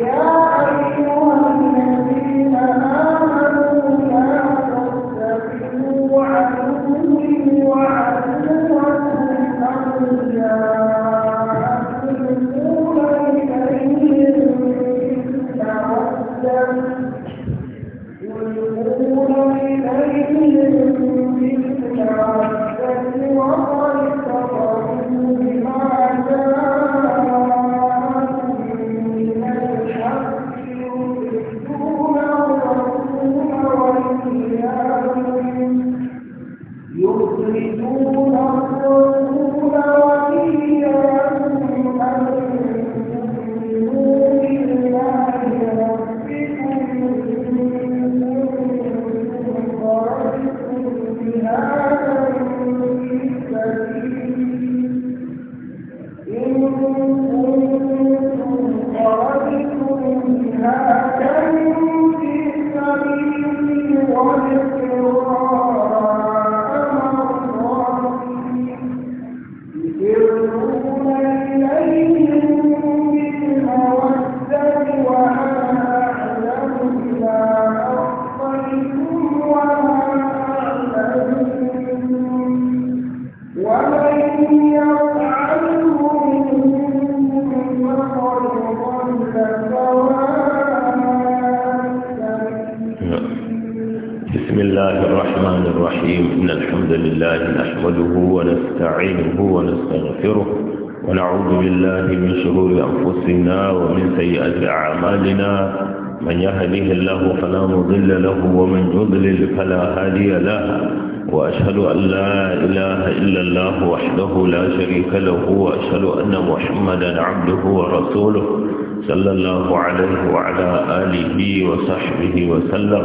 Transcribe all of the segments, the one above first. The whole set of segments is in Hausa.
يا أيها الذين آمنوا من يهديه الله فلا مضل له ومن يضلل فلا هادي له وأشهد أن لا إله إلا الله وحده لا شريك له وأشهد أن محمدا عبده ورسوله صلى الله عليه وعلى آله وصحبه وسلم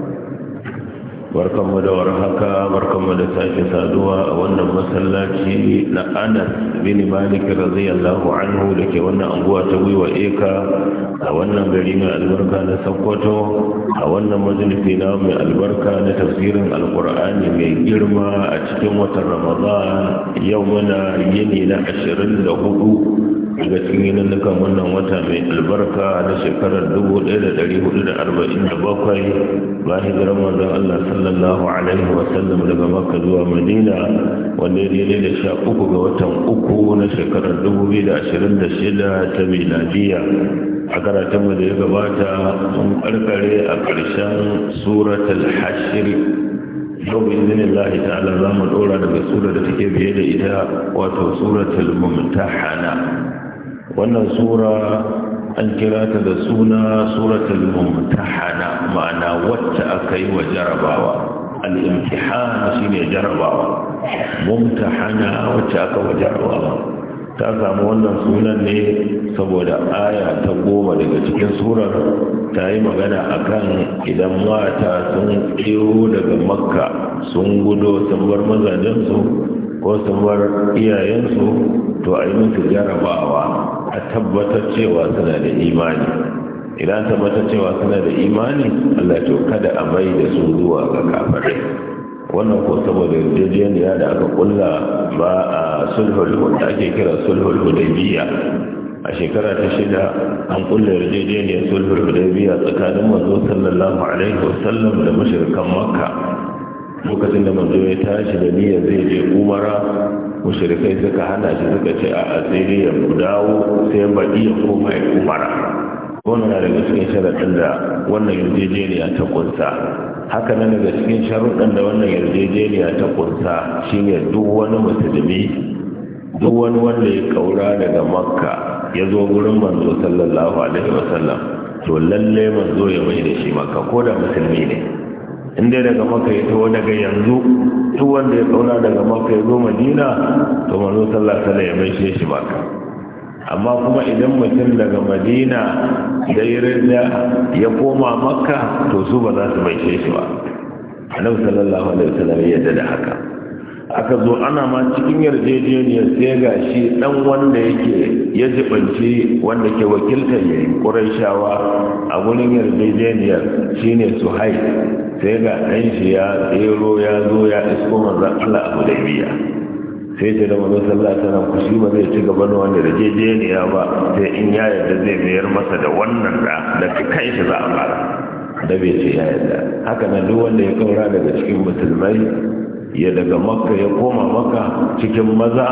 barkanmu da warhaka barkanmu da sake saduwa a wannan masallaci na anas bin malik radiyallahu anhu da ke wannan anguwa ta gwiwa eka a wannan gari mai albarka na sokoto a wannan majalisi na mai albarka na tafsirin alkur'ani mai girma a cikin watan ramadan yau muna yini na ashirin da hudu daga cikin yinannukan wannan wata mai albarka na shekarar 1447 bayan hijirar don Allah sallallahu alaihi wasallam daga maka zuwa madina wanda daidai da sha uku ga watan uku na shekarar shida ta miladiya a karatunmu da ya gabata mun karkare a ƙarshen suratul hashir yau izinin lahi ta'ala za mu ɗora daga sura da take biye da ita wato suratul mumtahana wannan sura an kira ta da suna suratul mumtahana ma'ana wacce aka yi wa jarabawa al-imtihan shine jarabawa mumtahana wacce aka wa jarabawa ta samu wannan sunan ne saboda aya ta goma daga cikin surar ta yi magana akan idan mata sun kero daga makka sun gudo sun bar mazajensu ko sun bar iyayensu to a yi musu jarabawa a tabbatar cewa suna da imani idan tabbatar cewa suna da imani Allah to kada a mai da su zuwa ga kafirai wannan ko saboda yarjejeniya da aka kulla ba a sulhul da ake kira sulhul hudaybiya a shekara ta shida an kulla yarjejeniyar sulhul hudaybiya tsakanin manzo sallallahu alaihi wasallam da mushrikan makka lokacin da manzo ya tashi da niyya zai je umara mushrikai suka hana shi suka ce a asiri ya dawo sai baɗi ya koma ya umara wannan na daga cikin sharaɗin da wannan yarjejeniya ta kunsa haka nan daga cikin sharuɗin da wannan yarjejeniya ta kunsa shine duk wani musulmi duk wani wanda ya kaura daga makka ya zo gurin manzo sallallahu alaihi wasallam to lalle manzo ya mai da shi makka ko da musulmi ne in dai daga maka ya taho daga yanzu duk wanda ya tsauna daga maka ya zo madina to manzo sallallahu alaihi ya bai shi baka amma kuma idan mutum daga madina da ya ya koma maka, to su ba za su bai shi ba annabi sallallahu alaihi wasallam ya yarda da haka aka zo ana ma cikin yarjejeniyar sai ga shi dan wanda yake ya jibanci wanda ke wakiltar ya yi ƙurashawa a wurin yarjejeniyar shine su hai sai ga ɗan shi ya tsero ya zo ya isko manzan allah abu da biya sai ce da manzon sallah tana kushi ba zai ci gaba da wanda yarjejeniya ba sai in ya yarda zai mayar masa da wannan da da kai shi za a fara da bai ce ya yarda haka nan duk wanda ya kaura daga cikin musulmai ya daga makka ya koma makka cikin maza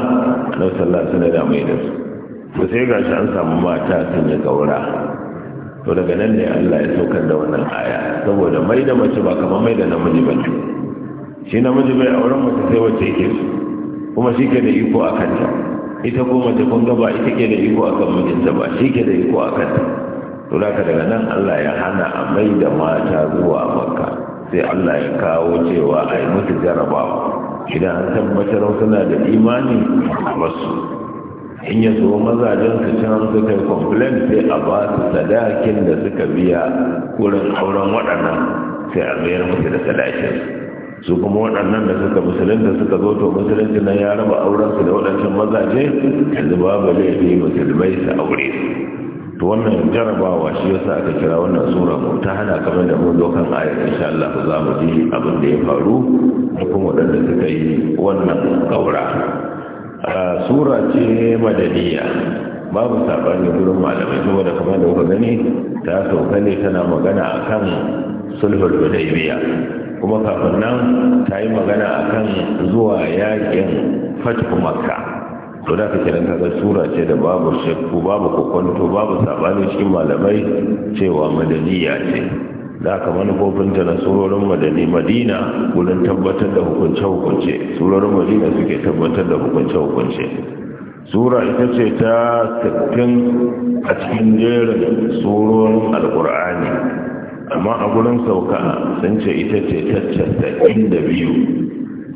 na sallah na da mai da su to sai ga shi an samu mata sun yi gaura to daga nan ne allah ya saukar da wannan aya saboda mai da mace ba kamar mai da namiji ba ne shi namiji bai auren mace sai wacce yake su kuma shi ke da iko a kanta ita ko mace kun gaba ita ke da iko a kan mijinta ba shi ke da iko a kanta to daga nan allah ya hana a mai da mata zuwa makka sai Allah ya kawo cewa a yi musu jarabawa idan an tabbatar suna da imani masu in ya zo mazajen su can suka yi complain sai a ba su sadakin da suka biya wurin auren waɗannan sai a mayar musu da sadakin su kuma waɗannan da suka musulunta suka zo to musulunci na ya raba aurensu da waɗancan mazaje yanzu babu laifi musulmai su aure to wannan jarabawa shi yasa aka kira wannan sura ta hana kamar da mun dokan ayar insha Allah za mu ji abin da ya faru da kuma wadanda suka yi wannan kaura sura ce madaniya babu sabani gurin malamai kuma da kamar da kuka gani ta sauka ne tana magana akan sulhul hudaybiya kuma kafin nan ta yi magana akan zuwa yakin fatu makka to da kake nan kaga sura ce da babu shakku babu kokonto babu sabani cikin malamai cewa madaniya ce da aka manufofinta na surorin madani madina wurin tabbatar da hukunce-hukunce surorin madina suke tabbatar da hukunce-hukunce sura ita ce ta 60 a cikin jerin surorin alkur'ani amma a gurin sauka sun ce ita ce ta biyu.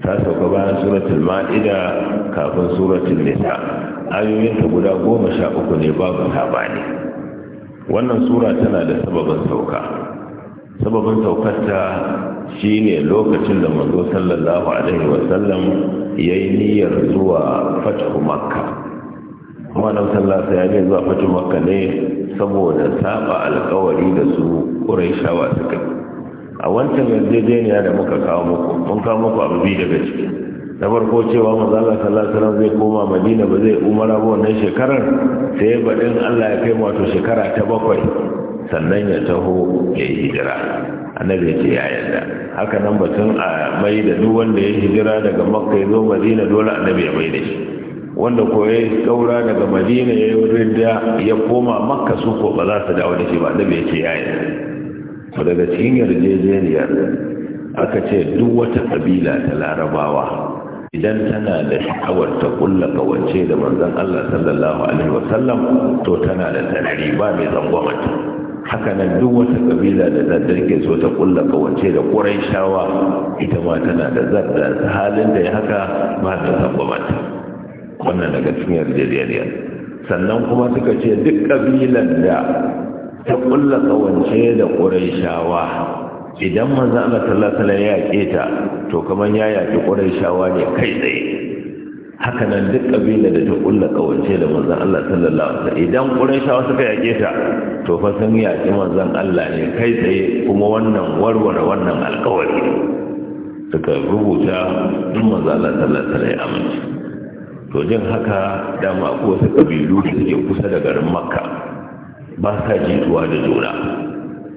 ta sauka bayan suratul ma'ida kafin suratul nisa ta guda goma sha uku ne babu sabani wannan sura tana da sababin sauka sababin saukarta shine lokacin da manzo sallallahu alaihi sallam yayi niyyar zuwa fathu makka kuma nan ya ne zuwa fathu makka ne saboda saba alƙawari da su quraishawa suka a wancan yarjejeniya da muka kawo muku mun kawo muku abu biyu daga ciki na farko cewa mazala sallallahu zai koma madina ba zai umara ba wannan shekarar sai baɗin allah ya kai wato shekara ta bakwai sannan ya taho ya yi hijira annabi ce ya yarda haka nan batun a mai da duk wanda ya hijira daga makka ya zo madina dole annabi ya mai da shi wanda ko ya kaura daga madina ya yi wurin da ya koma makka su ko ba za su dawo da shi ba annabi ya ce ya yarda daga cikin yarjejeniyar aka ce duk wata kabila ta larabawa idan tana da sha'awar ta kulla kawance da manzon Allah sallallahu alaihi wasallam to tana da tarihi ba mai zangwamata haka nan duk wata kabila da ta take so ta kulla kawance da shawa, ita ma tana da zadda halin da ya haka ba ta zangwamata wannan daga cikin yarjejeniyar sannan kuma suka ce duk ƙabilan da ta kulla kawance da ƙuraishawa idan manzo Allah sallallahu alaihi ya yaƙe ta to kaman ya yaƙi ƙuraishawa ne kai tsaye haka nan duk kabila da ta kulla kawance da manzon Allah sallallahu alaihi wasallam idan Qurayshawa suka yake ta to fa sun yaki manzon Allah ne kai tsaye kuma wannan warware wannan alƙawari suka rubuta duk manzon Allah sallallahu alaihi wasallam to jin haka dama akwai wasu kabilu da suke kusa da garin Makka ba sa jituwa da juna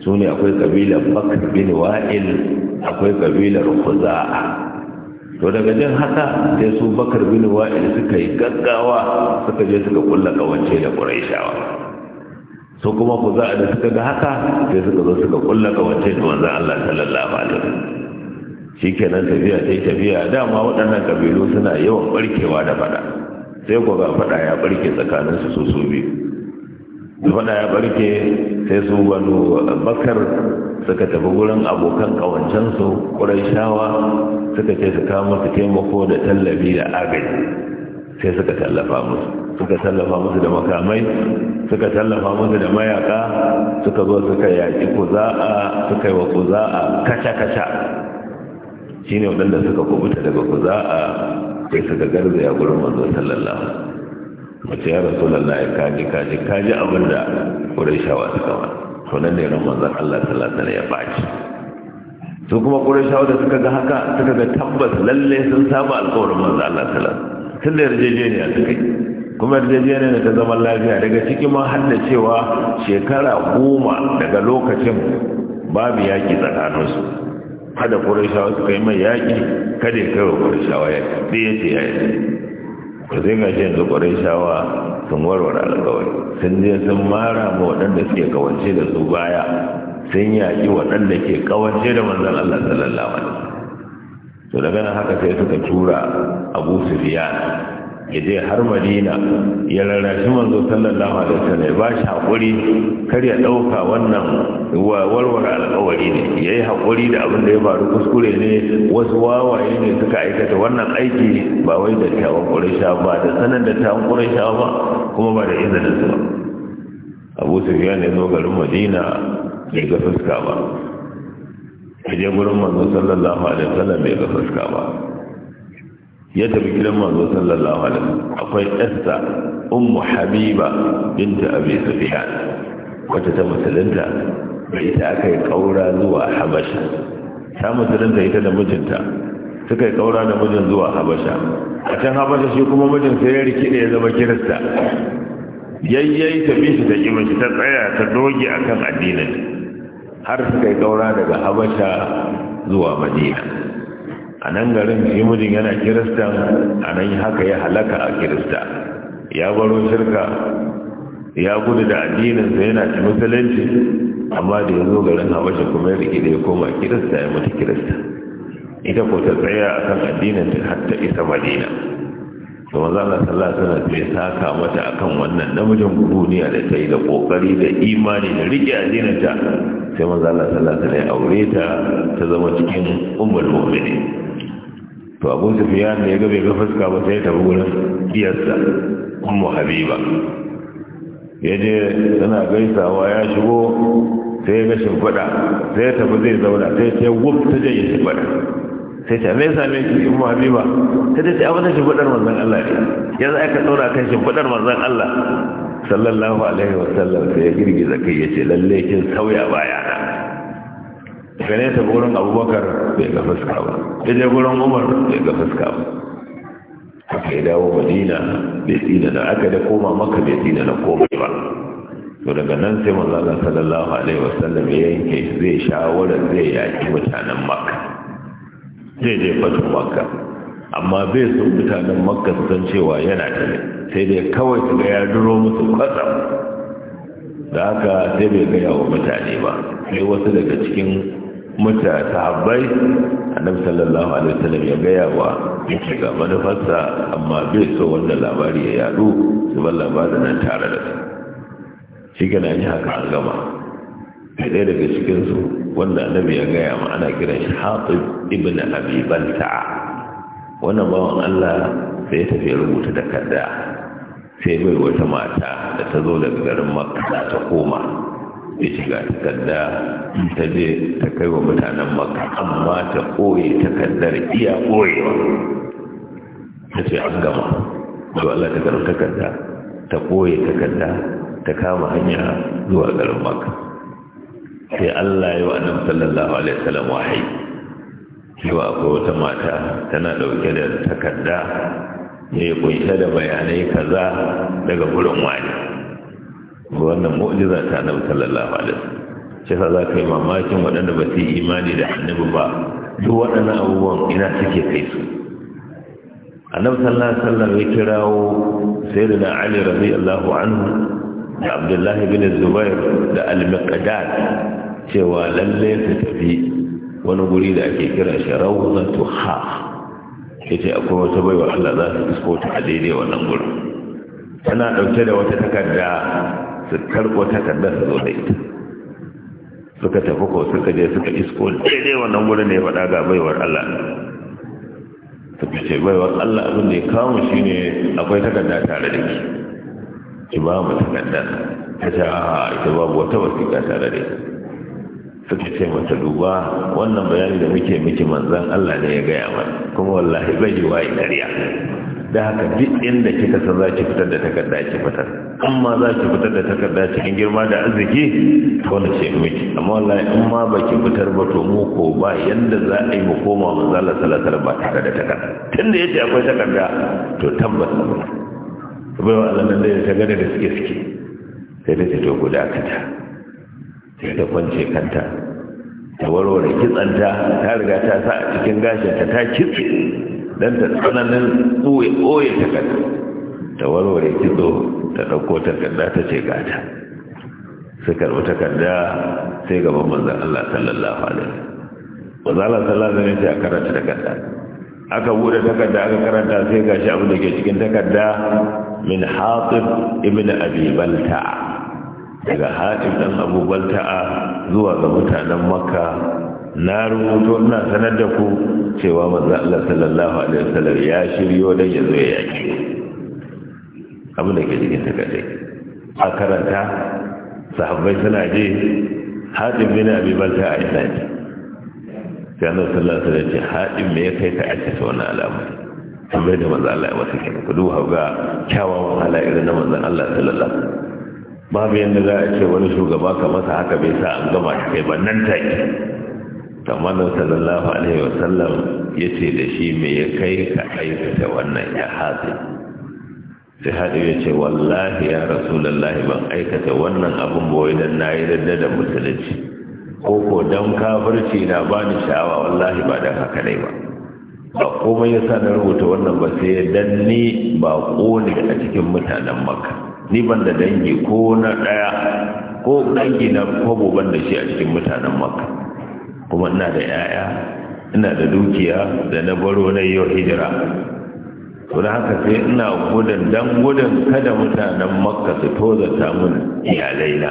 su ne akwai kabilar bakar bin wa'il akwai kabilar huza'a. to daga jin haka sai su bakar bin wa'il suka yi gaggawa suka je suka kulla kawance da ƙuraishawa su kuma huza'a da suka ga haka sai suka zo suka kulla kawance da wanzan allah sallallahu alaihi shi kenan tafiya sai tafiya dama waɗannan kabilu suna yawan barkewa da fada sai ko ga fada ya barke tsakaninsu su su biyu da ya barke sai su banu bakar suka tafi gurin abokan ƙawancensu shawa suka ce su kawo masu taimako da tallafi da agaji sai suka tallafa musu suka tallafa musu da makamai suka tallafa musu da mayaka suka zo suka yaƙi kuza'a suka yi wa kuza'a kasha-kasha shi ne waɗanda suka kubuta daga kuza'a sai suka garzaya gurin manzo sallallahu mace ya rasu lallahi kaji kaji kaji abin da ƙurashawa suka kama to nan da ran manzan Allah sallallahu ya baci su kuma ƙurashawa da suka ga haka suka ga tabbas lalle sun saba alƙawarin manzan Allah sallallahu sun da yarjejeniya suka yi kuma yarjejeniya da ta zama lafiya daga cikin ma har da cewa shekara goma daga lokacin babu yaƙi tsakaninsu kada ƙurashawa suka yi mai yaƙi kada ya kai wa ƙurashawa yaƙi ɗaya ce ya yi ka sai ga yanzu ƙwarai shawa sun warware alƙawari sun je sun mara ma waɗanda suke kawance da su baya sun yaƙi waɗanda ke kawance da manzan Allah sallallahu alaihi wasallam to daga nan haka sai suka tura Abu Sufyan ya je har madina ya rarrashi manzo sallallahu alaihi wasallam ba shi hakuri kar ya dauka wannan warware alƙawari ne yayi hakuri da abin da ya faru kuskure ne wasu wawaye ne suka aikata wannan aiki ba wai da tawon quraisha ba da sanan da tawon quraisha ba kuma ba da izinin su ba Abu Sufyan ya zo garin Madina bai ga fuska ba ya je gurin manzo sallallahu alaihi wasallam bai ga fuska ba ya tafi gidan manzo sallallahu alaihi akwai esta ummu habiba binta abi sufyan wata ta musulunta da ita aka yi kaura zuwa habasha ta musulunta ita da mijinta suka yi kaura da mijin zuwa habasha a can habasha shi kuma mijin sai ya rikide ya zama kirista yayyai ta bi shi ta kima mace, ta tsaya ta doge akan addinin har suka yi kaura daga habasha zuwa madina a nan garin shi mijin yana kirista a nan haka ya halaka a kirista ya baro shirka ya gudu da addininsa yana ci musulunci amma da ya zo garin habasha kuma ya rikide ya koma kirista ya mutu kirista ita ko ta tsaya a kan addinin ta har isa madina to maza Allah sallallahu alaihi wasallam saka mata akan wannan namijin duniya da ta yi da kokari da imani da rike addinin ta sai maza Allah sallallahu alaihi wasallam ya aure ta ta zama cikin ummul mu'minin to abu sufiyan ne ya ga bai ga fuska ba sai ta wurin iyarsa ummu habiba ya je tana gaisawa ya shigo sai ga fada sai ta tafi zai zauna sai ta wuf ta shi fada sai ta mai same shi ummu habiba ta ce a shi fadar manzon Allah ne yanzu aka tsora kan fadar manzon Allah sallallahu alaihi wasallam sai ya girgiza kai ya ce lalle kin sauya bayana daga nesa gurin abubakar bai ga fuska ba da je gurin umar bai ga fuska ba haka ya dawo madina bai tsina na aka da koma maka bai tsina na komai ba to daga nan sai manzala sallallahu alaihi wasallam ya yanke zai shawarar zai yaki mutanen makka zai je fatu makka amma bai so mutanen makka su san cewa yana da ne sai dai kawai su ga ya duro musu kwatsam da haka sai bai gaya wa mutane ba sai wasu daga cikin muta sahabbai annabi sallallahu alaihi wasallam ya gaya wa yake ga manufarsa amma bai so wanda labari ya yadu su ba labarin nan tare da su shi kana yi haka an gama ɗaya daga cikinsu wanda annabi ya gaya ma ana kiran shi hatib ibn abi wannan bawan Allah sai ya tafi rubuta takarda sai bai wata mata da ta zo daga garin makka ta koma ya shiga takarda ta je ta kai wa mutanen maka amma ta ɓoye takardar iya koyewa ta ce an gama zuwa Allah ta garin takarda ta ɓoye takarda ta kama hanya zuwa garin maka sai Allah yi wa annabi sallallahu alaihi wasallam wahayi cewa akwai wata mata tana dauke da takarda ne kunshe da bayanai kaza daga gurin wani wannan mu'jiza ta annabi sallallahu alaihi wasallam shi yasa za ka yi mamakin waɗanda ba su yi imani da annabi ba duk waɗannan abubuwan ina suke kai su annabi sallallahu alaihi wasallam ya kirawo sayyidina ali radiyallahu anhu da abdullahi bin zubair da al-miqdad cewa lalle su tafi wani guri da ake kira shi rawzatu ha yace akwai wata baiwa Allah za su isko ta a daidai wannan gurin tana dauke da wata takarda su karɓo takardar su zo da ita suka tafi ko suka je suka isko daidai wannan wurin ne faɗa ga baiwar Allah suka ce baiwar Allah abin da ya kawo shi ne akwai takarda tare da ki ki ba mu takarda ta ce a ita babu wata wasiƙa tare da ke. suka ce mata duba wannan bayani da muke miki manzan Allah ne ya gaya mana kuma wallahi bai yi wa ƙarya da haka duk inda kika san za ki fitar da takarda ki fitar amma za ki fitar da takarda cikin girma da arziki to na ce miki amma wallahi in ma ba ki fitar ba to mu ko ba yanda za a yi mu koma mu Allah salatar ba tare da takarda tunda yace akwai takarda to tabbas ba bai wa Allah nan da ta gada da suke suke sai da ta to guda ta sai da kwance kanta ta warware kitsanta ta riga ta sa a cikin gashinta ta kitse dan ta tsananin tsoye takarda Da warware kitso ta ɗauko takarda ta ce gata su karɓi takarda sai gaban manzan Allah sallallahu alaihi manzan Allah sallallahu alaihi ce a karanta takarda aka buɗe takarda aka karanta sai ga shi abin da ke cikin takarda min hatib ibn abi balta daga hatib dan abu balta'a zuwa ga mutanen makka na rubuto ina sanar da ku cewa manzan Allah sallallahu alaihi wasallam ya shiryo dan ya zo ya yaki abin da ke cikin takardai a karanta sahabbai suna je haɗin bin abi balta a ina ne sai annabi sallallahu alaihi wasallam ce haɗin me ya kai ka ake ta wannan al'amari bai da manzo Allah ya masa kenan ku duba ga kyawawan hala irin na manzon Allah sallallahu alaihi wasallam babu yadda za a ce wani shugaba ka masa haka bai sa an gama shi kai ba nan take tamanin sallallahu alaihi wasallam ya ce da shi mai ya kai ka aikata wannan ya hatsi sai haɗu ya ce wallahi ya rasulallah ban aikata wannan abin boye don na yi da musulunci ko ko don kafirci na bani ni sha'awa wallahi ba don haka ne ba ba komai ya sa na rubuta wannan ba sai dan ni ba ne a cikin mutanen makka ni ban da dangi ko na ɗaya ko dangi na kwabo ban da shi a cikin mutanen makka kuma ina da 'ya'ya ina da dukiya da na baro na yau hijira wani haka sai ina gudun dan gudun kada mutanen makka su tozarta mun iyalaina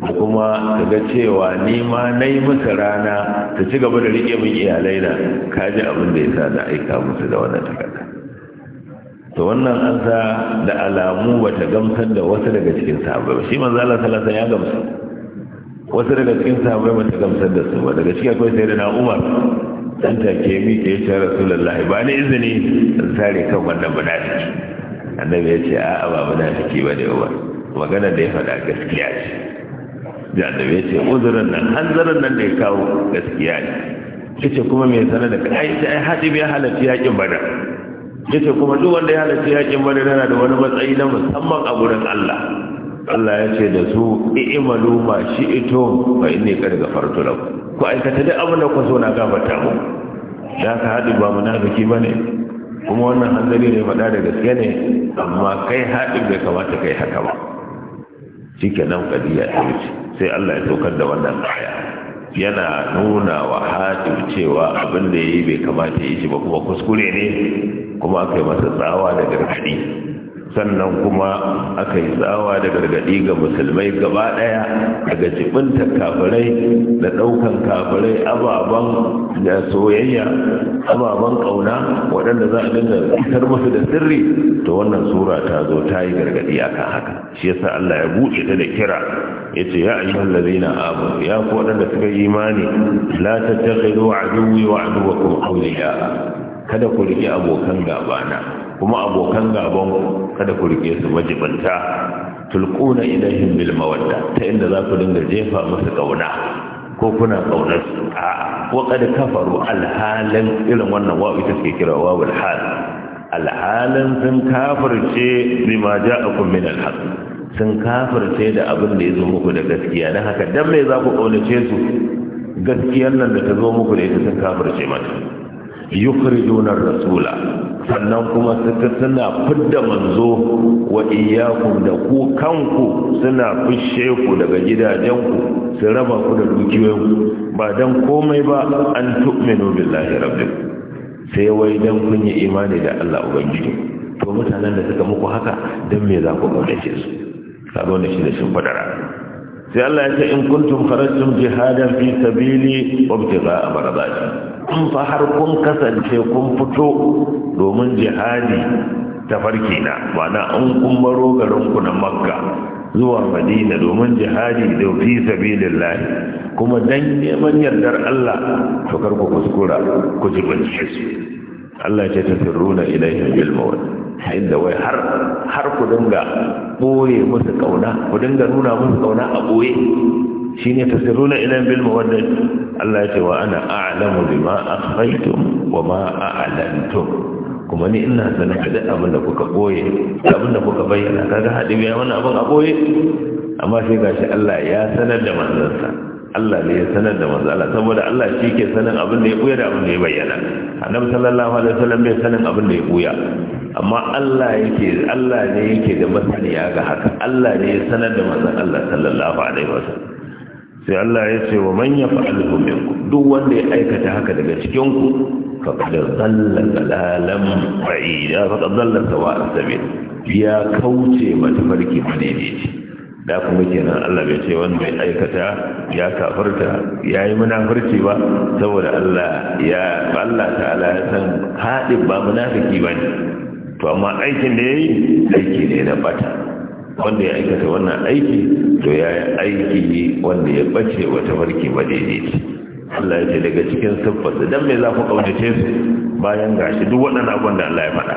da kuma su ga cewa ni ma na yi musu rana su ci gaba da riƙe min iyalaina ka abin da ya sa na aika musu da wannan takarda to wannan an sa da alamu ba ta gamsar da wasu daga cikin sahabbai ba shi manzo Allah sallallahu ya gamsu wasu daga cikin sahabbai ba ta gamsar da su ba daga cikin akwai sayyidina Umar dan take mi ke ya rasulullahi ba ni izini in sare kan wannan munafiki annabi ya ce a'a ba munafiki ba dai ba magana da ya faɗa gaskiya ce da da ya ce uzurin nan hanzarin nan da ya kawo gaskiya ne kace kuma me sanar da kai ai hadi bi halarci yakin bada kace kuma duk wanda ya halarci yakin bada yana da wani matsayi na musamman a gurin Allah Allah ya ce da su i'malu ma shi'tum fa inni qad ghafartu lakum ku aikata duk abin da ku so na gabata mu da ka haɗi ba munafiki ba ne kuma wannan hanzari ne faɗa da gaske ne amma kai haɗin bai kamata kai haka ba shi nan kadiya ta wuce sai Allah ya tokar da wannan aya yana nuna wa hatim cewa abin da ya yi bai kamata ya yi shi ba kuma kuskure ne kuma aka yi masa tsawa da gargaɗi sannan kuma aka yi tsawa da gargadi ga musulmai gaba ɗaya daga jibintar kafirai da ɗaukan kafirai ababen da soyayya ababen ƙauna waɗanda za a dinga fitar musu da sirri to wannan sura ta zo ta yi gargaɗi aka haka shi yasa Allah ya buɗe ta da kira ya ce ya ayi hallazina amanu ya ku waɗanda suka yi imani la tattakhidu aduwwi wa aduwwakum awliya kada ku riƙe abokan gaba na. kuma abokan gaban kada ku rike su wajibanta tulquna ilaihim bil mawadda ta inda za ku dinga jefa musu kauna ko kuna kaunar su a'a wa qad kafaru halan irin wannan wawu ita ke kira wawul hal halan sun kafirce bima ja'akum min alhaq sun kafirce da abin da ya muku da gaskiya dan haka dan me za ku kaunace su gaskiyar nan da ta zo muku da ita sun kafirce mata yukhrijuna rasula sannan kuma suka suna fidda manzo wa iyyakum da ku kanku suna fishe ku daga gidajenku su raba ku da dukiyoyinku ba dan komai ba an tu'minu billahi rabbik sai wai dan kun yi imani da Allah ubangiji to mutanen da suka muku haka dan me za ku kaunace su sabo ne shi da shin fadara sai Allah ya ce in kuntum kharajtum jihadan fi sabili ibtigha'a maradati in fa har kun kasance kun fito domin jihadi ta farki na mana an kun baro garinku na makka zuwa madina domin jihadi da fi sabilillah kuma dan neman yardar Allah to kar ku kuskura ku ji bincike su Allah ya tafirruna ilaihi bil mawad inda wai har har ku dinga boye musu kauna ku dinga nuna musu kauna a boye shine tafirruna ilaihi bil mawaddah Allah ya ce wa ana a'lamu bima akhfaytum wa ma a'lantum kuma ni ina sanin da abin da kuka boye abin da kuka bayyana kaga hadin ya wannan abin a boye amma sai gashi Allah ya sanar da manzansa Allah ne ya sanar da manzo Allah saboda Allah shi ke sanin abin da ya buya da abin da ya bayyana annabi sallallahu alaihi wasallam bai sanin abin da ya buya amma Allah yake Allah ne yake da masaniya ga haka Allah ne ya sanar da manzo Allah sallallahu alaihi wasallam sai Allah ya ce wa man yaf'alu minkum duk wanda ya aikata haka daga cikin ku faqad dhalla dalalan ba'ida faqad dhalla sawa'a sabil ya kauce mata farki madaidaici da kuma kenan Allah bai ce wanda mai aikata ya kafarta ya yi munafurci ba saboda Allah ya Allah ta'ala ya san haɗin ba munafiki ba ne to amma aikin da ya yi aiki ne na bata wanda ya aikata wannan aiki to ya yi aiki wanda ya bace wata farki ba ce Allah ya ce daga cikin siffarsa don me za ku kaunace su bayan gashi duk waɗannan abin da Allah ya faɗa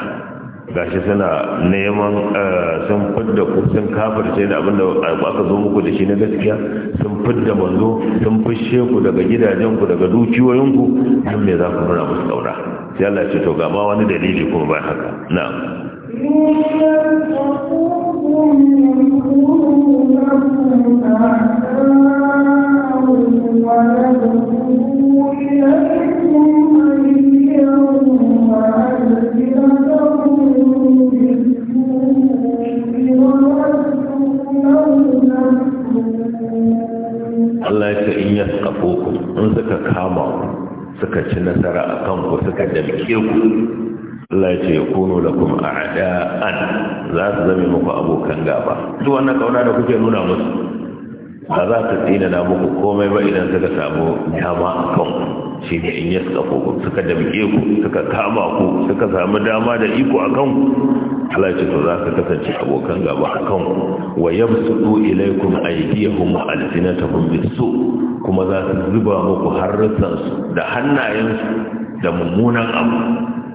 gashi suna neman eh, sun fidda ku sun kafirce da abinda aka zo muku da shi na gaskiya sun fidda manzo sun fushe ku daga gidajenku daga dukiyoyinku don me za ku nuna musu ƙaura sai Allah ce to ga ma wani dalili kuma ba haka na'am kauna da kuke nuna musu ba za ta tsina na muku komai ba idan suka samu dama a kan shi ne in ya suka ku suka damke ku suka kama ku suka samu dama da iko a kan Allah ce to za ka kasance abokan gaba a kan wa yabsutu hun aydiyahum ta hun bisu kuma za su zuba muku harsan da hannayensu da mummunan abu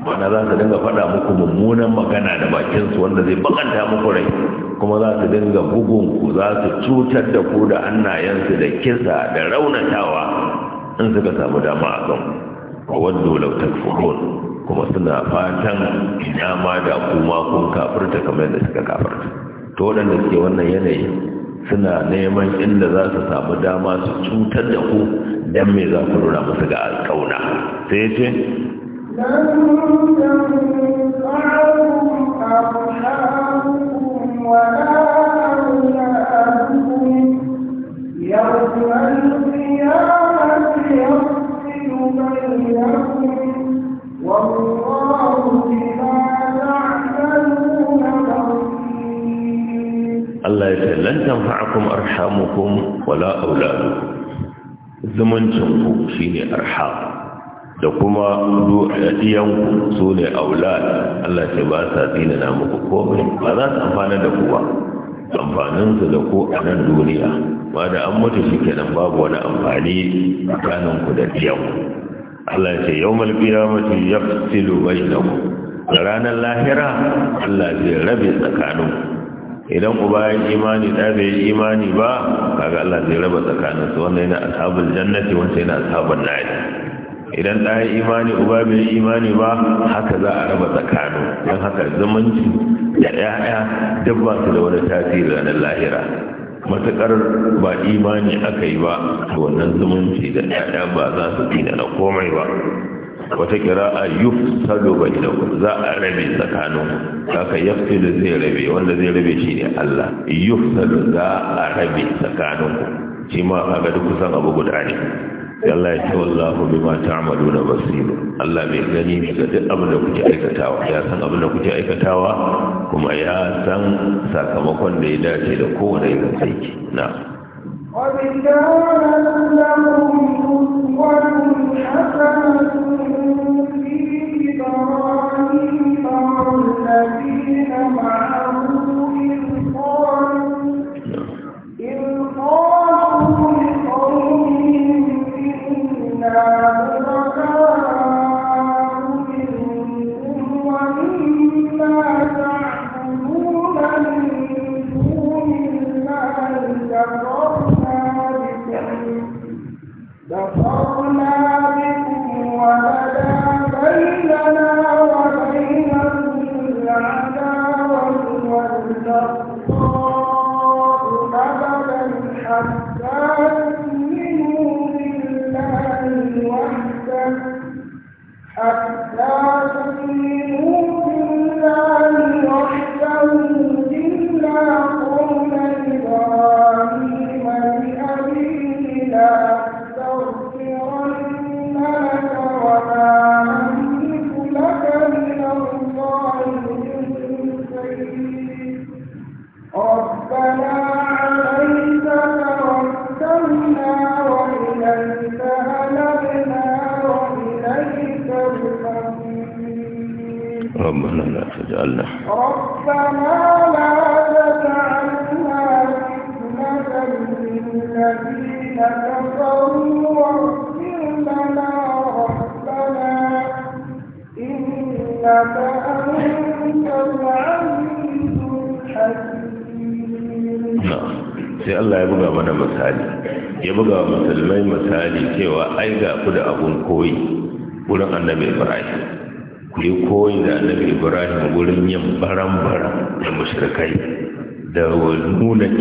wanda za su dinga faɗa muku mummunan magana da bakinsu wanda zai bakanta muku rai kuma za su dinga bugun za su cutar da ku da hannayensu da kisa da raunatawa in suka samu dama a kan wadda lautar furon kuma suna fatan ina ma da kuma kun kafirta kamar da suka kafirta to waɗanda suke wannan yanayi suna neman inda za su samu dama su cutar da ku don me za ku nuna musu ga alƙauna sai ya ce لن Allah ya ce lan tanfa'akum arhamukum wala auladukum zumuncin ku shine arham da kuma ɗiyanku su ne aulad Allah ce ba sa tsina na muku komai ba za su amfana da kuwa, amfaninsu da ku a nan duniya ba da an mutu shi kenan babu wani amfani tsakaninku da ɗiyanku Allah ce yau malfiya mace ya fi bai da ku ranar lahira Allah ce rabe tsakaninku idan uba bayan imani da bai yi imani ba kaga Allah zai raba tsakaninsu wanda yana asabar jannati wanda yana asabar na'ida idan ɗaya imani uba bai yi imani ba haka za a raba tsakano don haka zamanci da ‘ya'ya dabba su da wani tasiri ranar lahira matuƙar ba imani aka yi ba wannan zumunci da ‘ya'ya ba za su fi da komai ba wata a yuf sado ba da za a rabe tsakanin kaka da zai rabe wanda zai rabe shi ne Allah yuf sado za a rabe tsakanin shi ma a ga duk kusan abu guda ne Allah ya ce wallahu bima ta'maluna basir Allah bai gani ne ga duk abin da kuke aikatawa ya san abin da kuke aikatawa kuma ya san sakamakon da ya dace da kowane irin aiki na wa wa Now,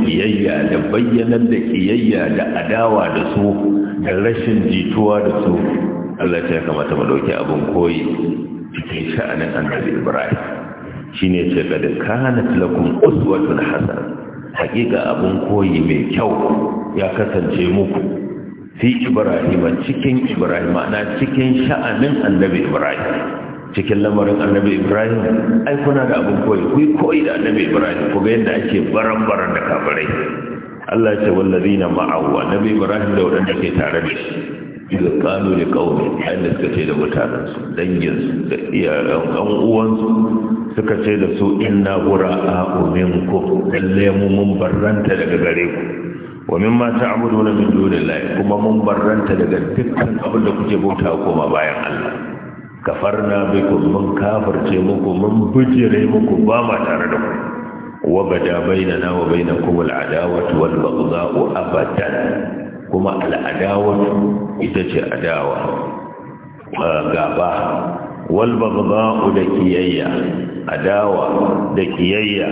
kiyayya da bayyanar da kiyayya da adawa da su da rashin jituwa da su Allah ta kamata mu dauki abin koyi cikin sha'anin annabi Ibrahim shine ce da kana lakum uswatun hasan hakika abin koyi mai kyau ya kasance muku fi Ibrahim cikin Ibrahim na cikin sha'anin annabi Ibrahim cikin lamarin annabi ibrahim ai kuna da abin koyi ku koyi da annabi ibrahim ku ga yadda ake baran-baran da kafirai Allah ce wallazina ma'ahu bai Ibrahim da waɗanda ke tare da shi Kano da li qaumi da suka ce da mutanen su dangin su da iyalan ɗan uwan su suka ce da su inna umin ku lalle mu mun barranta daga gare ku wa mimma ta'buduna min dunillahi kuma mun barranta daga dukkan abin da kuke bauta koma bayan Allah kafarna bikum mun kafirce muku mun bijire muku ba ma tare da ku وبدا بيننا وبينكم العداوة والبغضاء أبدا كما العداوة إذا عداوة غابة والبغضاء دكيية عداوة دكيية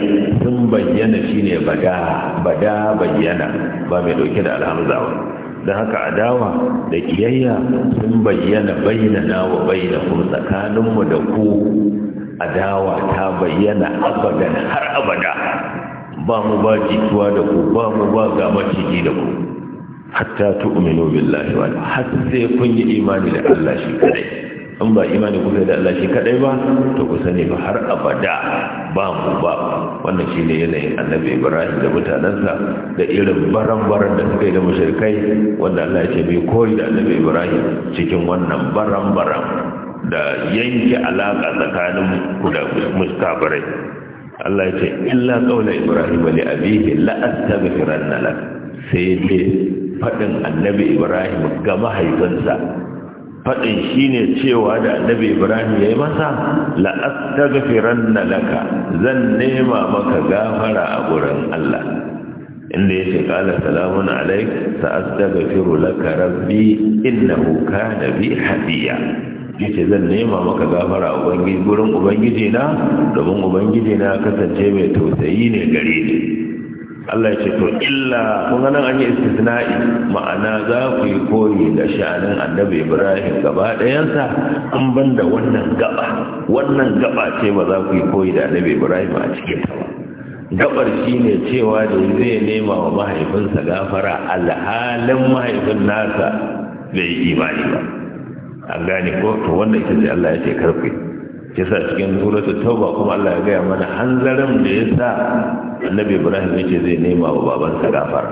ثم بينا شيني بدا بدا بينا بامدو كده الهمزة da haka adawa da kiyayya sun bayyana bayyana wa bayyana kuma tsakaninmu da ku adawa ta bayyana abadan har abada ba mu ba jituwa da ku ba mu ba ga maciji da ku hatta tu'minu billahi wa hatta sai kun yi imani da Allah shi kadai in ba imani ku da Allah shi kadai ba to ku sani ba har abada ba mu ba wannan shine yanayin Annabi Ibrahim da mutanansa da irin baran-baran da suka yi da mushrikai wanda Allah ya ce bai koyi da Annabi Ibrahim cikin wannan baran-baran da yanke alaƙa tsakanin ku da mustafarai Allah ya ce illa qaula ibrahim li abihi la astaghfiranna lak sai dai fadin annabi ibrahim ga mahaifinsa fadin shine cewa da annabi ibrahim ya yi masa la astaghfiranna laka zan nema maka gafara a gurin Allah inda yake kala salamun alaik sa astaghfiru laka rabbi innahu kana bi hadiya yace zan nema maka gafara ubangiji gurin ubangiji na domin ubangiji na kasance mai tausayi ne gare ni Allah ce to illa kun nan an yi istisna'i ma'ana za ku yi koyi da sha'anin annabi Ibrahim gaba ɗayansa an banda wannan gaba wannan gaba ce ba za ku yi koyi da annabi Ibrahim a cikin ta ba gabar shi cewa da zai nema wa mahaifinsa gafara alhalin mahaifin nasa bai imani ba an gane ko to wanda ita ce Allah ya ce karfe ke sa cikin suratul tauba kuma Allah ya gaya mana hanzarin da ya sa annabi ibrahim yake zai nema wa babansa gafara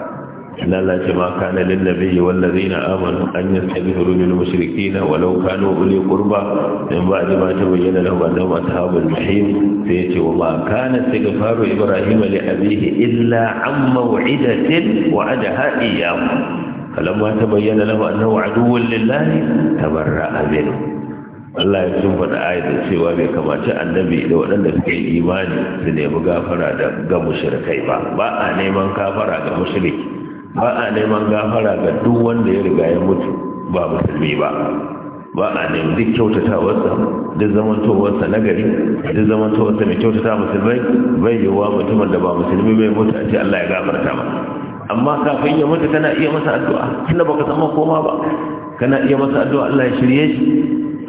inna maka na ce ma kana na nabiyyi wal ladina amanu an yastaghfiru lil mushrikeen walau kanu li qurba in ba ji ba ta bayyana lahu annahu ashabul muhim sai ce wa ma kana istighfaru ibrahim li abihi illa amma mawidatin wa'adaha iyyahu falamma tabayyana lahu annahu aduwwun lillahi tabarra'a minhu Allah ya sun faɗa ayat cewa bai kamaci annabi da waɗanda suke imani su nemi gafara da ga mushrikai ba ba a neman gafara ga mushriki ba a neman gafara ga duk wanda ya riga ya mutu ba musulmi ba ba a nemi duk kyautata wasa duk zamantowarsa na gari duk zamantowarsa mai kyautata musulmai bai yiwuwa mutumin da ba musulmi bai mutu a ce Allah ya gafarta ba amma kafin ya mutu kana iya masa addu'a tunda baka san koma ba kana iya masa addu'a Allah ya shirye shi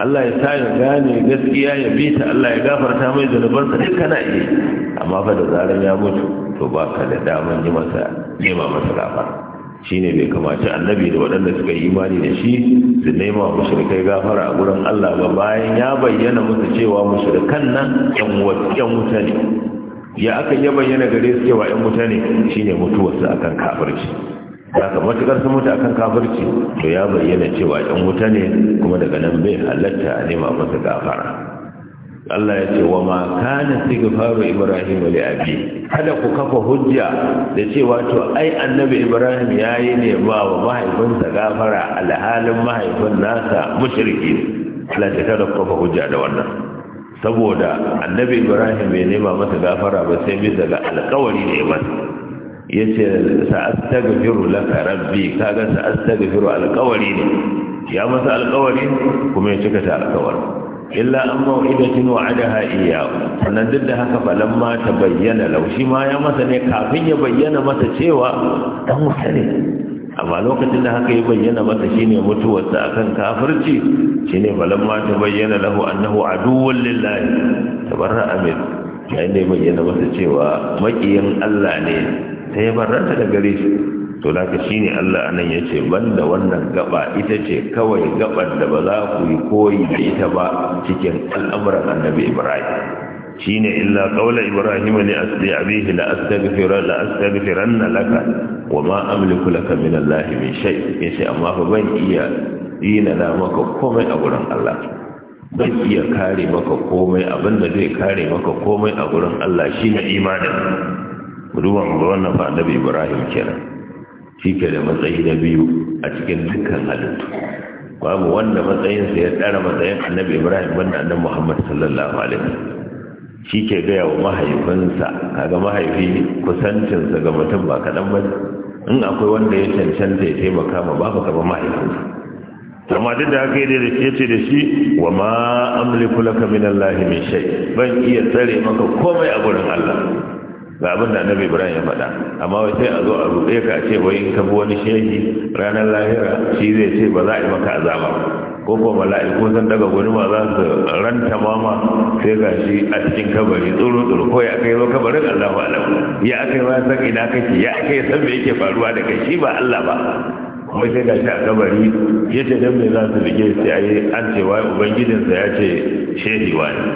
Allah ya sa ya gane gaskiya ya bi ta Allah ya gafarta mai sa duk kana iya amma fa da zarar ya mutu to baka da damar yi masa nema masa gafara shine bai kamaci annabi da waɗanda suka yi imani da shi su nema mushrikai gafara a gurin Allah ba bayan ya bayyana musu cewa mushrikan nan yan wuta ne ya aka yi bayyana gare su cewa ‘yan mutane shine mutuwarsu akan kafirci ya ka matukar mutu mutu akan kafirci to ya bayyana cewa ‘yan mutane kuma daga nan bai halatta a nema masa gafara Allah ya ce wa ma kana faru Ibrahim li abi kada ku kafa hujja da cewa to ai annabi Ibrahim yayi ne ba wa mahaifinsa gafara alhalin mahaifin nasa mushriki Allah ya kada ku kafa hujja da wannan saboda annabi ibrahim bai nema masa gafara ba sai bisa ga alkawari da masa ya ce sa'astaghfiru laka rabbi kaga sa'astaghfiru alkawari ne ya masa alkawari kuma ya cika ta alkawari illa an mau'idatin wa'adaha iyyahu sannan duk da haka falan ma ta bayyana laushi ma ya masa ne kafin ya bayyana masa cewa dan wuta ne amma lokacin da haka ya bayyana masa shine mutuwarsa akan kafirci shine balamma ta bayyana lahu annahu aduwwun lillahi tabarra amin yayin da ya bayyana masa cewa makiyin Allah ne sai ya barranta da gare shi to da shine Allah anan yace banda wannan gaba ita ce kawai gaɓar da ba za ku yi koyi da ita ba cikin al'amuran annabi Ibrahim Shi ne illa qawla ibrahim li asli abihi la astaghfira la astaghfiranna laka wa ma amliku laka min allah min shay yace amma fa ban iya dina na maka komai a wurin allah ban iya kare maka komai da zai kare maka komai a wurin allah shine imanin duba mu wannan fa annabi ibrahim kenan shike da matsayi na biyu a cikin dukkan halittu babu wanda matsayinsa ya tsara matsayin annabi ibrahim banda annabi muhammad sallallahu alaihi wasallam shi ke gaya wa mahaifinsa kaga mahaifi kusancinsa ga mutum ba kaɗan ba in akwai wanda ya cancanta ya taimaka ma babu ba mahaifinsa amma duk da haka yi da ce da shi wa ma amliku laka min Allah min shai, ban iya tsare maka komai a gurin Allah ga abin da annabi Ibrahim ya faɗa amma wai sai a zo a ruɗe ka a ce wai in ka bi wani shehi ranar lahira shi zai ce ba za a yi maka azaba ko ko mala'iku daga gudu ma za su ranta mama sai ga shi a cikin kabari tsoro tsoro ko ya kai zo kabarin allahu alam ya kai ma san ina kake ya kai san me yake faruwa da kai shi ba Allah ba kuma sai ga shi a kabari ya ce dan me za su bige shi ai an ce wai ubangijinsa ya ce shehi ne?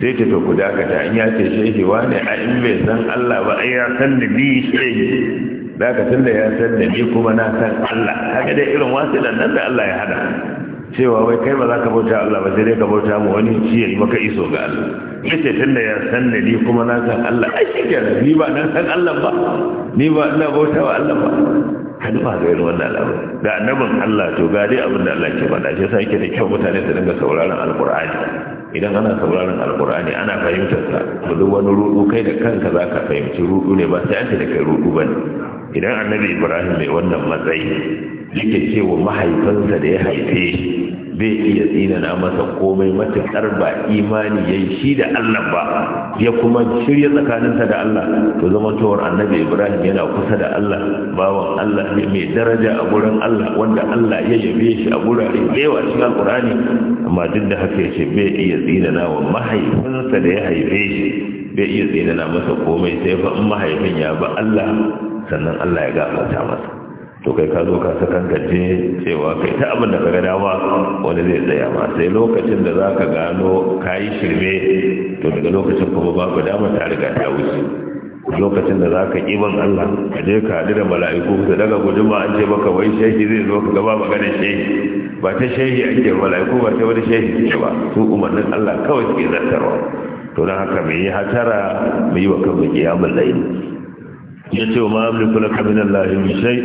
sai ta to ku dakata in ya ce shehi ne a in bai san Allah ba ai ya san da bi shehi da ka tunda ya san da ni kuma na san Allah haka dai irin wasilan nan da Allah ya hada cewa wai kai ba za ka bauta Allah ba sai dai ka bauta mu wani shi ya maka iso ga Allah yace tunda ya san da ni kuma na san Allah ai shi ke ni ba na san Allah ba ni ba ina bauta wa Allah ba ba ga irin wannan al'amari da annabin Allah to ga dai abin da Allah ke faɗa shi yasa yake da kyau mutane su dinga sauraron alqur'ani idan ana sauraron alkur'ani ana fahimtar to duk wani rudu kai da kanka za ka fahimci rudu ne ba sai an ce da kai rudu ba ne idan annabi ibrahim mai wannan matsayi yake ce wa mahaifinsa da ya haife bai iya tsinana masa komai matukar ba imani ya yi shi da Allah ba ya kuma shirya tsakaninsa da Allah to zamantowar annabi Ibrahim yana kusa da Allah bawan Allah ne mai daraja a gurin Allah wanda Allah ya yabe shi a gurare yawa cikin alkur'ani amma duk da haka yace bai iya na wa mahaifinsa da ya haife shi bai iya tsinana masa komai sai fa in mahaifin ya ba Allah sannan Allah ya gafarta masa to kai ka zo ka sakantance cewa kai ta abin da kaga dama wani zai tsaya ma sai lokacin da za ka gano ka yi shirme to daga lokacin kuma babu dama ta riga ta wuce lokacin da za ka ƙiban Allah ka je ka haɗu da mala'iku da daga gudun an ce maka wai shehi zai zo ka gaba magana shehi ba ta shehi ake mala'iku ba ta wani shehi ce ba su umarnin Allah kawai suke zartarwa to don haka mai yi hatara mai yi wa kan mu kiyamun ya ce wa ma'amli kula kaminan lahin shai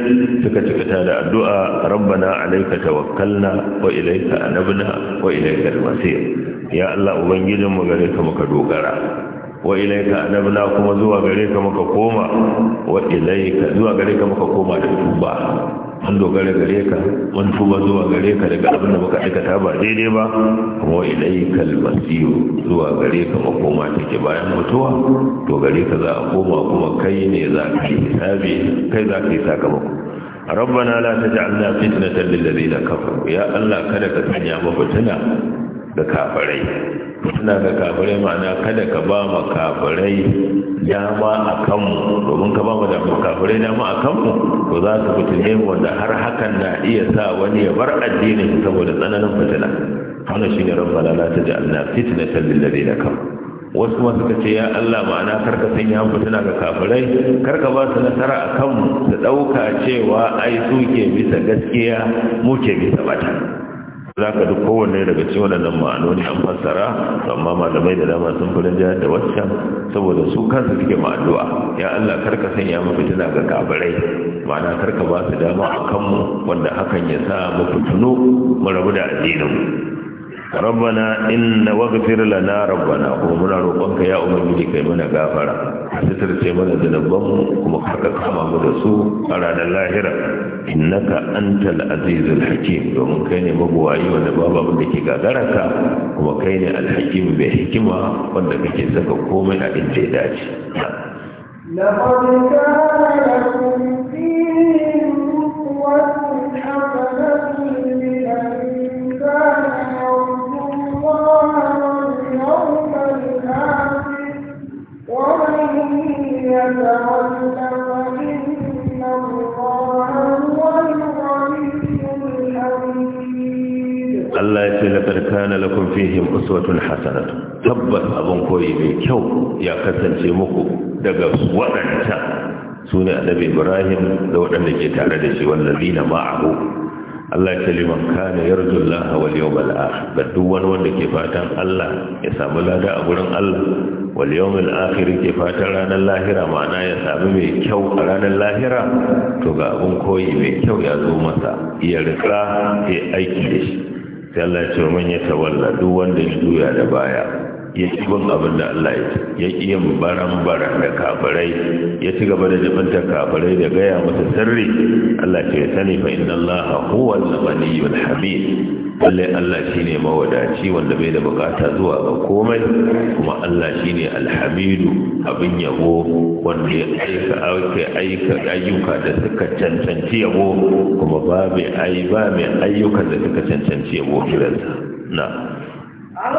suka cikata da addu'a rabbana alaika tawakkalna wa ilaika anabna wa ilaika almasir ya Allah ubangijin mu gare ka muka dogara wa ilaika anabna kuma zuwa gare ka muka koma wa ilaika zuwa gare ka muka koma da tuba mun dogara gare ka mun tuba zuwa gare ka daga abin da muka aikata ba daidai ba kuma wa ilaika almasiru zuwa gare ka makoma take bayan mutuwa to gare ka za a koma kuma kai ne za ka yi hisabi kai za ka yi sakamako ربنا لا تجعلنا فتنة للذين كفروا يا الله كذا كتنيا مفتنا ga kafirai suna ga kafirai ma'ana kada ka ba ma kafirai dama a kanmu domin ka ba ma kafirai dama a kanmu to za su fitine wanda har hakan na iya sa wani ya bar addini saboda tsananin fitina hana shi ne ji la fitina ta lil da kan wasu ma suka ce ya Allah ma'ana karka sanya fitina ga kafirai karka ba su nasara a kanmu su ɗauka cewa ai su ke bisa gaskiya mu ke bisa bata Za ka duk kowanne daga cikin waɗannan ma'anoni an fassara amma malamai da dama sun fi rinjaya da waccan saboda su kansu suke ma'addu'a ya Allah kar ka sanya mu fitina ga kabarai ma'ana karka ba su dama a kanmu wanda hakan ya sa mu fitino mu rabu da addinin mu rabbana inna waghfir lana rabbana kuma muna roƙonka ya ubangiji kai mana gafara a sitirce mana zanabban mu kuma ka kama mu da su a ranar lahira innaka antal azizul hakim domin kai ne mabuwayi wanda babu abin da ke gagararka kuma kai ne alhakim bai hikima wanda kake saka komai a inda ya dace لقد كان الله لقد كان لكم فيهم أسوة حسنة تبت أبن كويمي كو يا كسن شيمكو دقس وأنت سنة نبي إبراهيم دور أنك تعرضي والذين معه Allah ce liman kana yarju Allah wal yawmal akhir da duk wani wanda ke fatan Allah ya samu lada a gurin Allah wal yawmal akhir ke fatan ranar lahira ma'ana ya samu mai kyau a ranar lahira to ga abun koyi mai kyau ya zo masa ya rika ya aiki da shi sai Allah ya ce man ya tawalla duk wanda ya juya da baya ya ci bin abin da Allah ya ce ya ƙi yin baran-baran da kafirai ya ci gaba da jibinta kafirai da gaya masa sirri Allah ce ya sani fa inna Allah huwa al-ghaniyyul hamid lalle Allah shine mawadaci wanda bai da bukata zuwa ga komai kuma Allah shine al-hamidu abin yabo wanda ya aika aika aika ayyuka da suka cancanci yabo kuma ba mai ayyukan da suka cancanci yabo kiransa na bayan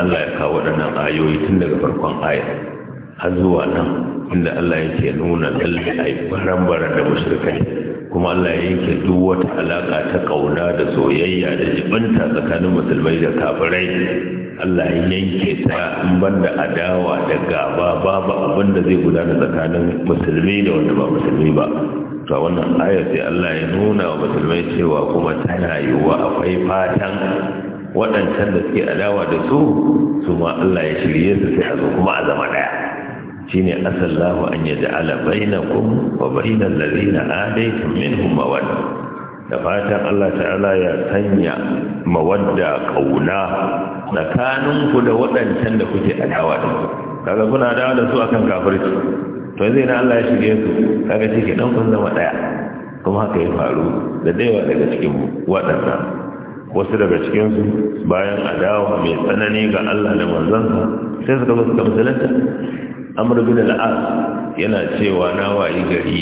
Allah ya kawo waɗannan ayoyi tun daga farkon aya har zuwa nan inda Allah yake nuna lalle a yi baran-baran da mushrikai kuma Allah ya yanke duk wata alaka ta kauna da soyayya da jibinta tsakanin musulmai da kafirai Allah ya yanke ta in banda adawa da gaba babu abin da zai gudana tsakanin musulmi da wanda ba musulmi ba to wannan ayar sai Allah ya nuna wa musulmai cewa kuma tana yiwuwa akwai fatan waɗancan da suke adawa da su su ma Allah ya shirye su sai a zo kuma a zama ɗaya shine asallahu an yaj'ala bainakum wa bainal ladina adaytum minhum mawadda da fatan Allah ta'ala ya sanya mawadda kanun tsakaninku da waɗancan da kuke adawa da su kaga kuna adawa da su akan kafirci to zai na Allah ya shirye su kaga ke ɗan kun zama ɗaya. kuma haka ya faru da daiwa daga cikin waɗannan wasu daga cikinsu bayan adawa mai tsanani ga Allah da manzansa sai suka zo suka musulunta amru bin al-as yana cewa na wayi gari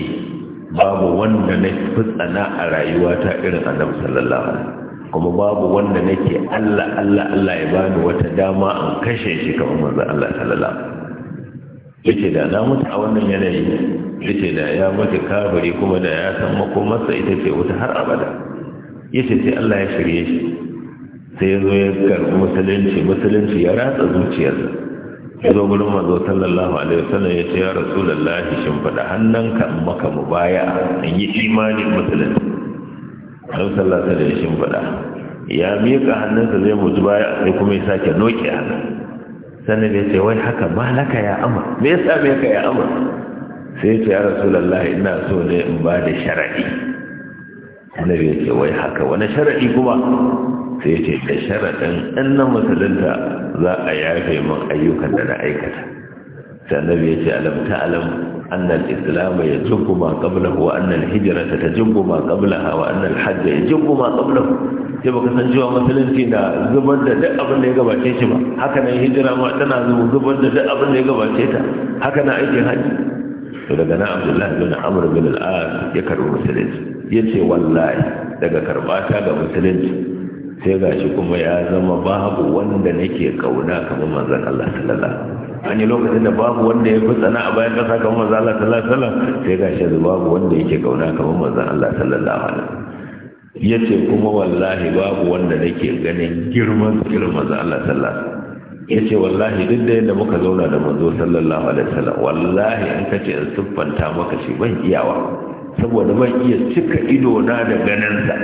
babu wanda na fi tsana a rayuwata irin annabi sallallahu alaihi kuma babu wanda nake Allah Allah Allah ya bani wata dama an kashe shi kamar manzon Allah sallallahu yace da na mutu a wannan yanayi yace da ya mutu kabari kuma da ya san makomarsa ita ce wuta har abada ya ce sai Allah ya shirye shi sai ya zo ya karbi musulunci musulunci ya ratsa zuciyarsa ya zo gurin mazo sallallahu alaihi wasallam ya ce ya rasulullahi shin faɗa hannanka in maka baya. in yi imani musulunci annabi sallallahu alaihi wasallam ya shin faɗa ya miƙa hannunsa zai muji baya sai kuma ya sake noke hannu sannan ya ce wai haka malaka ya ama me yasa me ka ya ama sai ya ce ya rasulullahi ina so ne in ba da sharadi annabi ya ce wai haka wani sharaɗi kuma sai ya ce da sharaɗin ɗan nan musulunta za a yafe min ayyukan da na aikata sai annabi ya ce alam ta'alam annal islam ya jubbu ma qablahu wa annal hijrata tajubbu ma qablaha wa annal hajj ya jubbu ma qablahu sai baka san cewa musulunci na zubar da duk abin da ya gabace shi ba haka nan hijira ma tana zubar da duk abin da ya gabace ta haka nan aikin hajji to daga na abdullahi bin amr bin al-as ya karbi musulunci Ya ce wallahi daga ta ga musulunci sai gashi kuma ya zama babu wanda nake kauna kamar manzon Allah sallallahu alaihi an yi lokacin da babu wanda ya fi tsana a bayan ƙasa kamar manzon Allah sallallahu sai wasallam sai babu wanda yake kauna kamar manzon Allah sallallahu alaihi Ya ce kuma wallahi babu wanda nake ganin girman girman manzon Allah sallallahu Ya ce wallahi duk da yadda muka zauna da manzo sallallahu alaihi wasallam wallahi ka kace in siffanta maka shi ban iyawa saboda ban iya cika ido na da ganinsa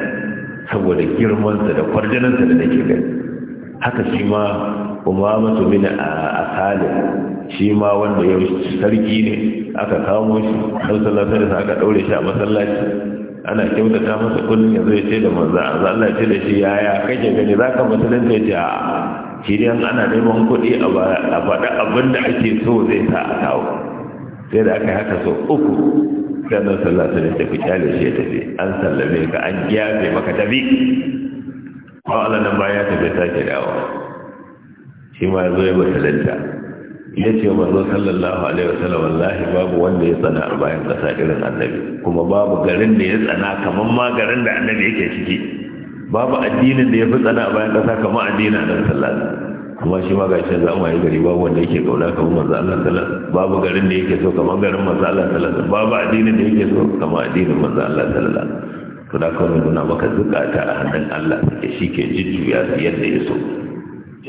saboda girmansa da sa da nake gani haka shi ma umamatu a asali shi ma wanda ya sarki ne aka kamo shi don sallallahu alaihi aka daure shi a masallaci ana kyautata masa kullum yanzu ya ce da manzo Allah ya ce da shi yaya kake gani zaka musulunta ya ce a shi ana neman kuɗi a faɗa abin da ake so zai sa a kawo sai da aka haka so uku sannan sallatu da tafi kyale shi ya tafi an sallame ka an gyafe maka tafi ba ala nan baya tafi sake dawo shi ma zo ya musulunta ya ce zo sallallahu alaihi wasallam wallahi babu wanda ya tsana a bayan ƙasa irin annabi kuma babu garin da ya tsana kamar ma garin da annabi yake ciki babu addinin da ya fi tsana a bayan ƙasa kamar addinin annabi sallallahu alaihi wasallam kuma shi ma gashi za mu yi gari babu wanda yake kauna kamar manzo Allah sallallahu alaihi babu garin da yake so kamar garin manzo Allah sallallahu alaihi babu addinin da yake so kamar addinin manzo Allah sallallahu alaihi to da kawai nuna maka zukata a hannun Allah take shi ke jujjuya su yadda ya so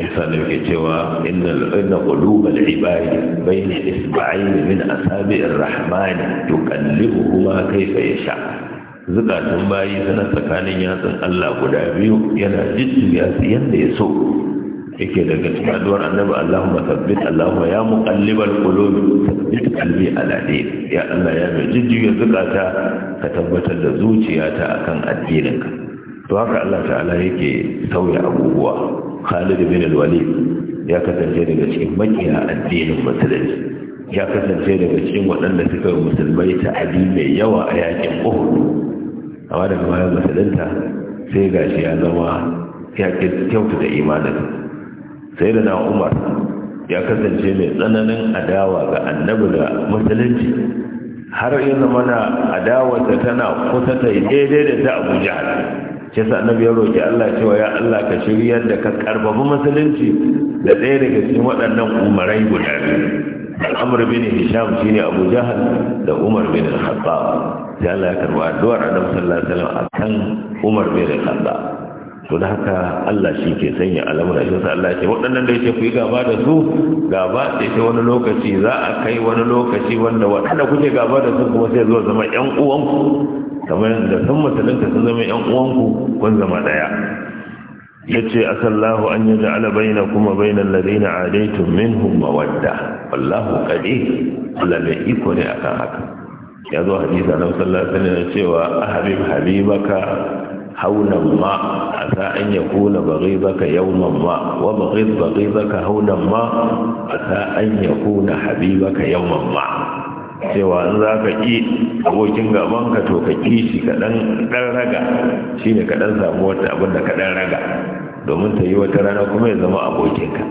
yasa ne yake cewa innal inna qulubal ibadi bayna isba'ayn min asabi'ir rahman yuqallibuhuma kayfa yasha' zukatun bayi suna tsakanin yatsun Allah guda biyu yana jujjuya su yadda ya so yake daga tsaduwar annabi Allahumma sabbit Allahumma ya muqallibal qulub tabbit qalbi ala din ya Allah ya mai ya zukata ka tabbatar da zuciyata akan addininka to haka Allah ta'ala yake sauya abubuwa Khalid bin al-Walid ya kasance daga cikin makiya addinin musulunci ya kasance daga cikin waɗanda suka yi musulmai ta adi mai yawa a yakin a wadda daga ya musulunta sai gashi ya zama yakin kyautu da imanin sai da na umar ya kasance mai tsananin adawa ga annabi da musulunci har yi zama na adawarsa tana kusa ta yi daidai da ta abuja ce sa annabi ya roƙi Allah cewa ya Allah ka shiryar da ka karfafi musulunci da ɗaya daga cikin waɗannan umarai guda biyu al'amur bin hisham shine abu jahal da umar bin al-khattab sai Allah ya karba addu'ar annabi sallallahu alaihi wasallam akan umar bin al-khattab to da haka Allah shi ke sanya al'amura shi sa Allah ce waɗannan da yake ku yi gaba da su gaba da ta wani lokaci za a kai wani lokaci wanda waɗanda kuke gaba da su kuma sai zuwa zama ƴan uwanku kamar da sun musulunta sun zama ƴan uwanku kun zama ɗaya ya ce asallahu an yi ja'ala baina kuma bainan ladina adaitun minhum mawadda wallahu qadir Allah iko ne akan haka ya zo hadisi na sallallahu alaihi wasallam cewa ahbib habibaka haunan ma asa an yakuna baghidaka yau mamma. wa baghid haunan ma asa an yakuna habibaka yau mamma. cewa an za ka ƙi abokin gaban ka to ka ƙi shi kaɗan ɗan raga shi ne kaɗan samu wata abin da kaɗan raga domin ta yi wata rana kuma ya zama abokinka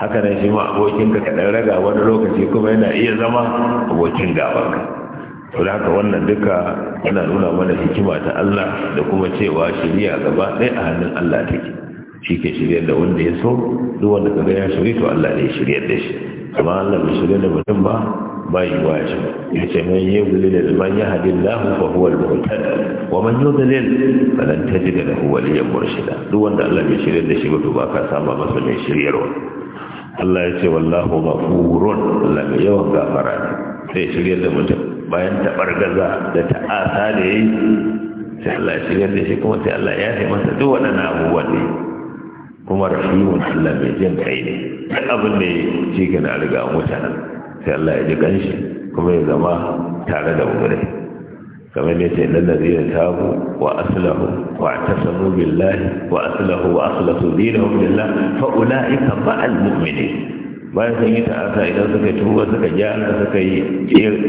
haka nan shi ma abokin ka kaɗan raga wani lokaci kuma yana iya zama abokin gaban ka to haka wannan duka yana nuna mana hikima ta Allah da kuma cewa shiriya gaba ɗaya a hannun Allah take shi ke shiryar da wanda ya so duk wanda ga ya shirya to Allah ne ya shirya da shi amma Allah bai shiga da mutum ba bai yiwa shi ya ce man yi gulil man ya hadin lahu fa huwa al-muhtad wa man yudlil falan tajid lahu waliyan murshida duk wanda Allah bai shirya da shi ba to ba ka saba masa mai shiryarwa Allah ya ce wallahu ghafurun Allah mai yawan gafara ne sai shiryar da mutum bayan tabargaza da ta'asa da yayi sai Allah ya shiryar da shi kuma sai Allah ya yi masa duk waɗannan abubuwan ne kuma rahimun Allah mai jin kai ne duk abin da ya ce ka na riga mutane sai Allah ya ji kanshi kuma ya zama tare da mu dai kamar ne ce nan ta bu wa aslahu wa tasamu billahi wa aslahu wa aslahu dinahu billah fa ulaika ma'al mu'minin bayan sun yi ta'asa idan suka yi tuba suka gyara suka yi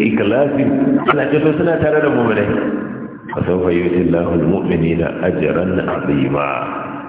ikhlasi ana ce suna tare da mu'minai fa sawfa yu'ti Allahu al-mu'minina ajran 'azima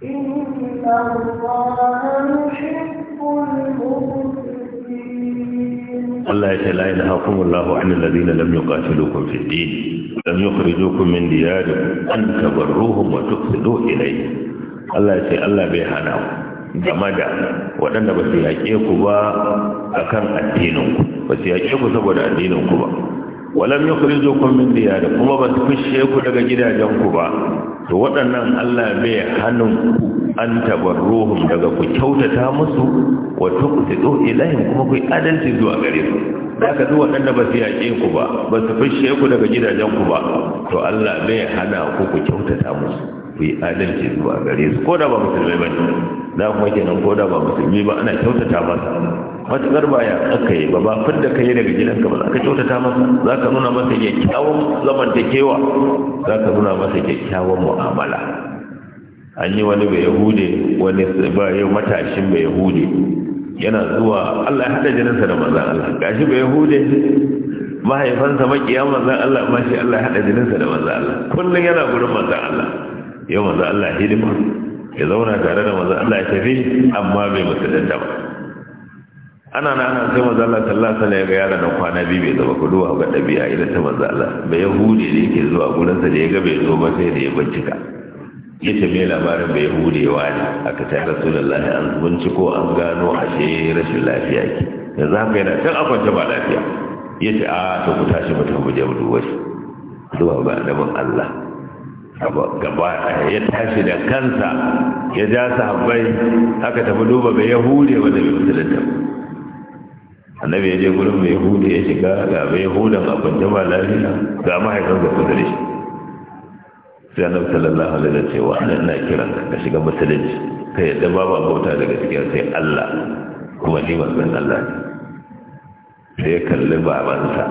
الله لا إله إلا الله عن الذين لم يقاتلوكم في الدين لم يخرجوكم من دياركم أن تبروهم وتقصدوا إليهم Allah ya ce Allah bai hana ku game da waɗanda ba su yaƙe ku ba a kan addininku ba su yaƙe ku saboda addininku ba walam yukhrijukum min diyarikum kuma ba su fishe ku daga gidajen ku ba to waɗannan Allah bai hannun ku an tabarruhum daga ku kyautata musu wa tuqsidu ilaihim kuma ku adalci zuwa gare su daga duk waɗanda ba su yaƙe ku ba ba su fishe ku daga gidajen ku ba to Allah bai hana ku ku kyautata musu ku yi adalci zuwa gare su ko da ba musulmi ba ne za yake nan ko da ba musulmi ba ana kyautata masa matuƙar ba ya aka yi ba ba da ka yi daga gidanka ba za ka kyautata masa za ka nuna masa kyakkyawan zamantakewa za ka nuna masa kyakkyawan mu'amala an yi wani bai yahude wani ba matashin bai yahude yana zuwa Allah ya haɗa jininsa da manzan Allah gashi bai yahude mahaifansa makiya manzan Allah ma shi Allah ya haɗa jininsa da manzan Allah kullum yana gurin manzan Allah yau maza Allah hidima ya zauna tare da maza Allah ya tafi amma bai musulunta ba ana na ana sai maza Allah sallallahu alaihi wasallam ya ga yaron na kwana biyu bai zama kudu ga biya ila ta maza Allah bai yahudi da yake zuwa gurin sa da ya ga bai zo ba sai da ya bincika ya ce mai labarin bai hudewa ne aka ta rasulullahi an ko an gano ashe rashin lafiya ke yanzu haka yana can akwance ba lafiya ya ce a ah, ta ku tashi mutum guje je mu duba zuwa ga annabin Allah gaba ya tashi da kansa ya ja sahabbai aka tafi duba bai yahudi wanda bai musulunta annabi ya je gurin mai yahudi ya shiga ga bai yahudan a kwance ba lafiya ga mahaifin ga kudure da shi sai annabi sallallahu alaihi wasallam ce cewa ana ina kiran ka shiga musulunci ka yadda babu abota daga cikin sai Allah kuma ni manzon Allah ne sai ya kalli babansa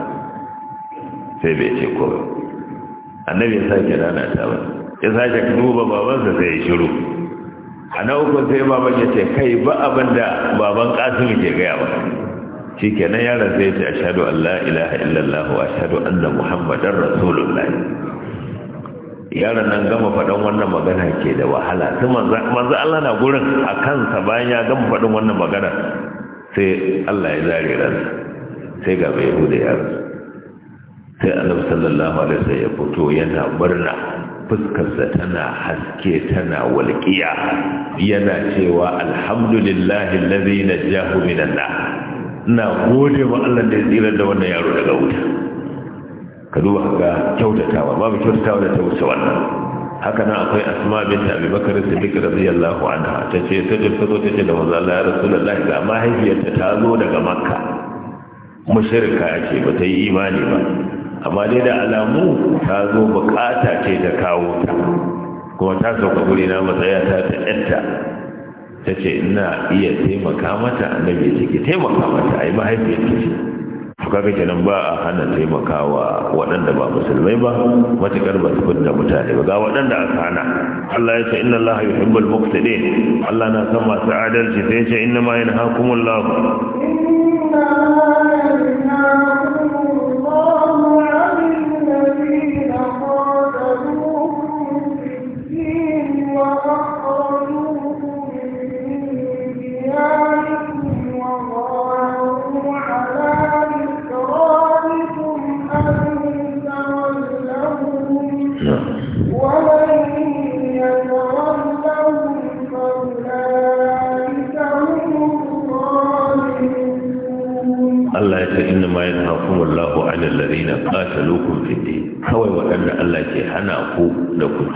sai bai ce komai annabi ya sake ta ba ya sake duba babansa sai ya shiru a na uku sai baban ya ce kai ba abin da baban kasim ke gaya ba shi kenan yaron sai ya ce ashadu allah ilaha illallah wa ashadu allah muhammadan rasulullah yaran nan gama faɗin wannan magana ke da wahala su manzu allah na gurin a kansa bayan ya gama faɗin wannan magana sai allah ya zare ransa sai ga mai hudu yaron sai annabi sallallahu alaihi wasallam ya fito yana murna fuskarsa tana haske tana walƙiya yana cewa alhamdulillahi allazi najahu minan na ina gode wa Allah da ya tsira da wannan yaro daga wuta ka duba ga kyautatawa babu kyautatawa da ta wuce wannan haka nan akwai asma bin abi bakar siddiq radiyallahu anha ta ce ta ce zo ta ce da manzo Allah ya rasulullahi ga mahaifiyarta ta zo daga makka mushrika ce ba ta yi imani ba amma dai da alamu ta zo bukata ce ta kawo ta kuma ta sauka guri na matsaya ta ta yatta ta ce ina iya taimaka mata annabi ya ke taimaka mata a yi mahaifiyar ta ce to kaga kenan ba a hana taimakawa waɗanda ba musulmai ba matuƙar ba su fidda mutane ba ga waɗanda a hana Allah ya ce inna Allah yuhibbul muqtadin Allah na san masu adalci sai ya ce inna ma yanhaakumullahu inna ma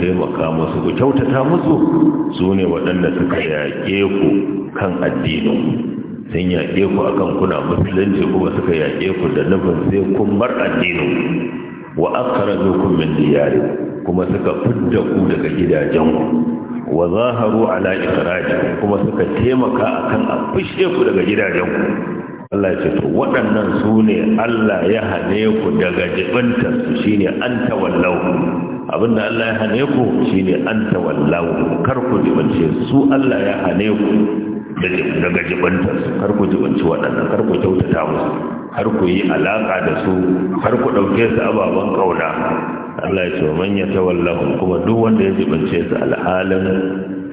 taimaka musu ku kyautata musu su ne waɗanda suka yaƙe ku kan addinin sun yaƙe ku akan kuna musulunci kuma suka yaƙe ku da nufin sai kun bar addinin wa akhrajukum min diyari kuma suka fidda ku daga gidajenku wa zaharu ala ikhrajikum kuma suka taimaka akan a fishe ku daga gidajenku Allah ce to waɗannan su ne Allah ya hane ku daga jibinta su shine an tawallau abin da Allah ya hane ku shine an tawallahu kar ku jibance su Allah ya hane ku daga jibantar su kar ku jibance waɗannan kar ku kyautata musu har ku yi alaka da su har ku ɗauke su ababen ƙauna. Allah ya ce wa man yatawallahu kuma duk wanda ya jibance su alhalin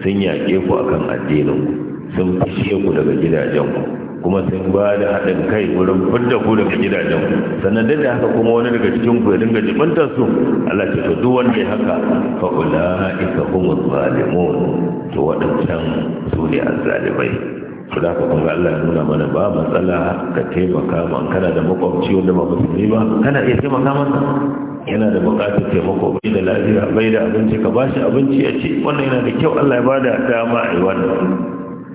sun yaƙe ku akan addinin sun fishe ku daga gidajen ku kuma sun ba da haɗin kai wurin fidda ku daga gidajen sannan duk da haka kuma wani daga cikin ku ya dinga jibanta su Allah ce to duk wanda ya haka fa ulaika humuz zalimun to waɗancan su ne azzalimai to da kun ga Allah ya nuna mana ba matsala ka taimaka man kana da makwabci wanda ba musulmi ba kana iya taimaka masa yana da bukatar taimako bai da lafiya bai da abinci ka bashi abinci ya ce wannan yana da kyau Allah ya bada dama a yi wannan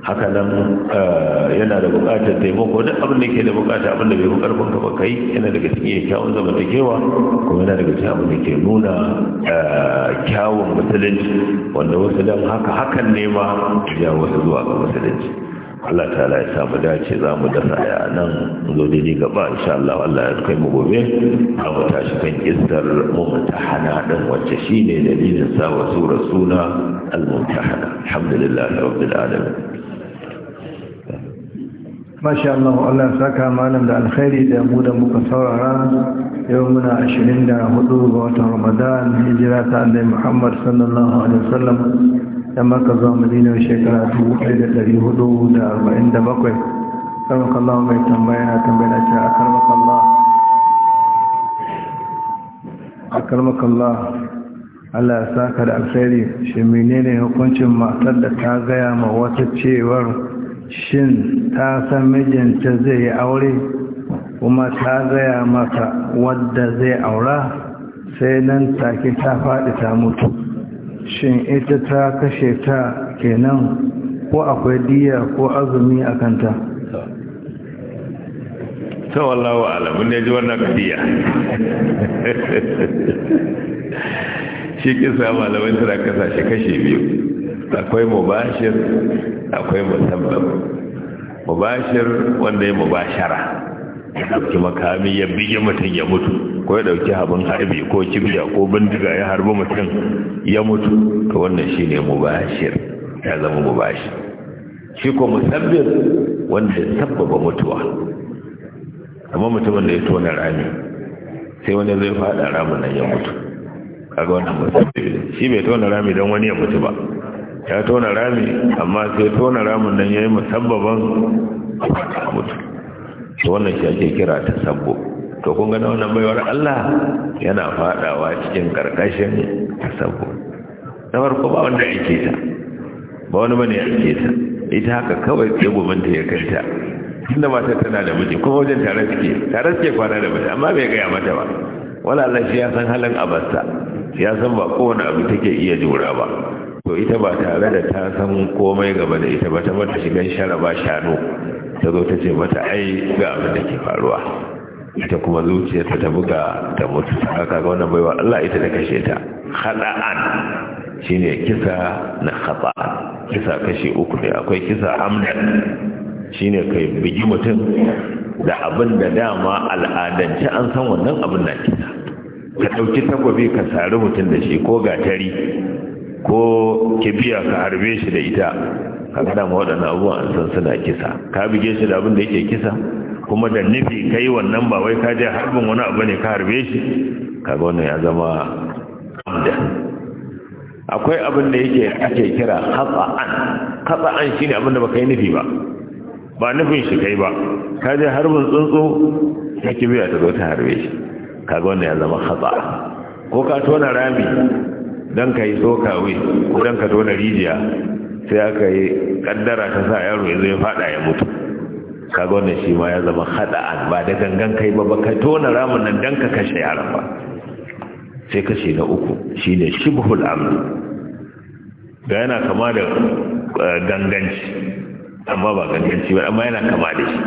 haka nan eh, yana da bukatar taimako duk abin da ke da bukata abin da bai fi karfin ka kai yana daga cikin kyawun zamantakewa kuma yana daga cikin abin da ke nuna eh, kyawun musulunci wanda wasu dan haka hakan ne ma ya wasu zuwa ga musulunci Allah ta'ala ya samu dace za mu dasa ya nan zo ni gaba insha Allah Allah ya kai mu gobe a mu tashi kan istar mumtahana din wacce shine dalilin sa wa sura suna al-mumtahana alhamdulillah rabbil alamin masha Allah Allah saka malam da alkhairi da mu da muka saurara yau muna 24 ga watan Ramadan hijira ta Annabi Muhammad sallallahu alaihi wasallam dan maka zuwa Madina shekara 1447 sabaka Allah mai tambaya na tambaya ce a karbaka Allah a karbaka Allah Allah ya saka da alkhairi shi menene hukuncin matar da ta gaya ma wata cewar shin ta san mijinta zai yi aure kuma ta gaya masa wadda zai aura sai nan take ta faɗi ta mutu shin ita ta kashe ta kenan ko akwai diya ko azumi a kanta ta wallawa alamun ya ji wannan kadiya shi kisa malamai suna kasashe kashe biyu akwai mubashir akwai musamman mubashir wanda ya mubashara ya ɗauki makami ya bige mutum ya mutu ko ya ɗauki abin harbi ko kibiya ko bindiga ya harbi mutum ya mutu to wannan shi ne mubashir ya zama mubashir shi ko musabbir wanda ya sabbaba mutuwa amma mutumin da ya tona rami sai wani zai faɗa ramin nan ya mutu kaga wannan musabbir shi bai tona rami don wani ya mutu ba ya tona rami amma sai tona ramin nan ya yi musabbaban mutu to wannan shi ake kira ta sabbo to kun gana wannan baiwar Allah yana fadawa cikin karkashin ta sabbo na farko ba wanda yake ta ba wani bane yake ta ita haka kawai ke ta ya kanta tunda matar tana da miji kuma wajen tare suke tare suke kwana da miji amma bai gaya mata ba wala Allah shi ya san halin abarta ya san ba kowane abu take iya jura ba to ita ba tare da ta san komai gaba da ita ba ta mata shigan sharaba shano ta zo ta ce mata ai ga abin da ke faruwa ita kuma zuciyarta ta buga ta mutu haka ga wannan baiwa Allah ita da kashe ta shi shine kisa na khata'a kisa kashi uku ne akwai kisa amdan shine kai bigi mutum da abin da dama al'adance an san wannan abin na kisa ka dauki takobi ka sari mutum da shi ko gatari ko kibiya ka harbe shi da ita ka gada ma waɗannan abubuwan an san suna kisa ka bige shi da abin da yake kisa kuma da nufi kai wannan ba wai ka je harbin wani abu ne ka harbe shi Ka ga wannan ya zama amda akwai abin da yake ake kira hatsa'an shi shine abin da baka yi nufi ba ba nufin shi kai ba ka je harbin tsuntsu ya kibiya ta zo ta harbe shi Ka ga wannan ya zama hatsa'a ko ka tona rami don ka yi tsokawe ko don ka tona rijiya sai aka yi kaddara ta sa yaro ya zai fada ya mutu kaga wannan shi ma ya zama an ba da gangan kai ba ba ka tona ramin nan don ka kashe yaron ba sai kashe na uku shine shibhul amr ga yana kama da eh, ganganci amma ba ganganci ba amma yana kama da shi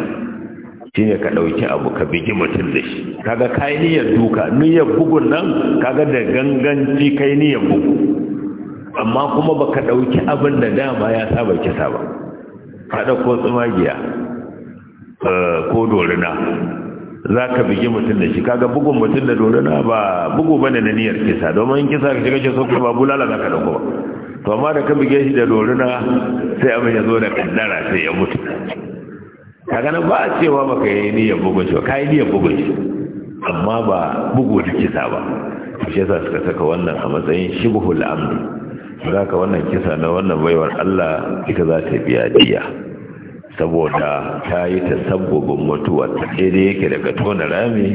shine ka ɗauki abu ka bigi mutum da shi kaga kai niyyar duka niyyar bugun nan kaga da ganganci kai niyyar bugu amma kuma baka ɗauki abin da dama ya saba kisa ba faɗa ko tsumagiya eh, ko dorina za ka bigi mutum da shi kaga bugun mutum da dorina ba bugu ba ne na niyyar kisa domin kisa ka shiga kisa ba bulala za ka ɗauko ba to amma da ka bige shi da dorina sai abin ya zo da kaddara sai ya mutu kaga nan ba a cewa baka yi niyyar bugun shi ba ka yi niyyar bugun shi amma ba bugu da kisa ba shi yasa suka saka wannan a matsayin shibhul Za ka wannan kisa na wannan baiwar Allah ita za ta biya diya saboda ta yi ta sabbobin mutuwa ta da yake daga tona rami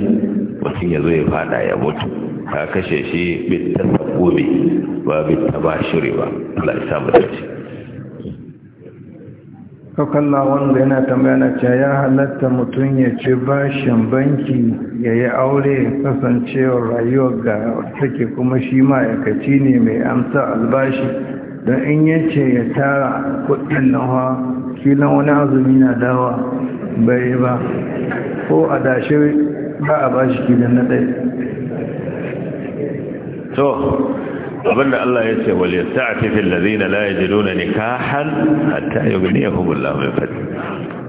mutum ya zo ya fada ya mutu ta kashe shi bit sabbobi ba ba shiri ba Allah ya samu shi kalla wanda yana tambaya na cewa ya halatta mutum ya ci bashin banki ya yi aure kasancewar rayuwar ga take kuma shi ma'aikaci ne mai amsa albashi don in yace ya tara kudin nawa kilan wani azumi na dawa bai ba ko a dashe ba a bashi kilan na ɗaya abinda Allah ya ce wal yasta'fifu allazina la yajiduna nikahan hatta yughniyahumullahu min fadli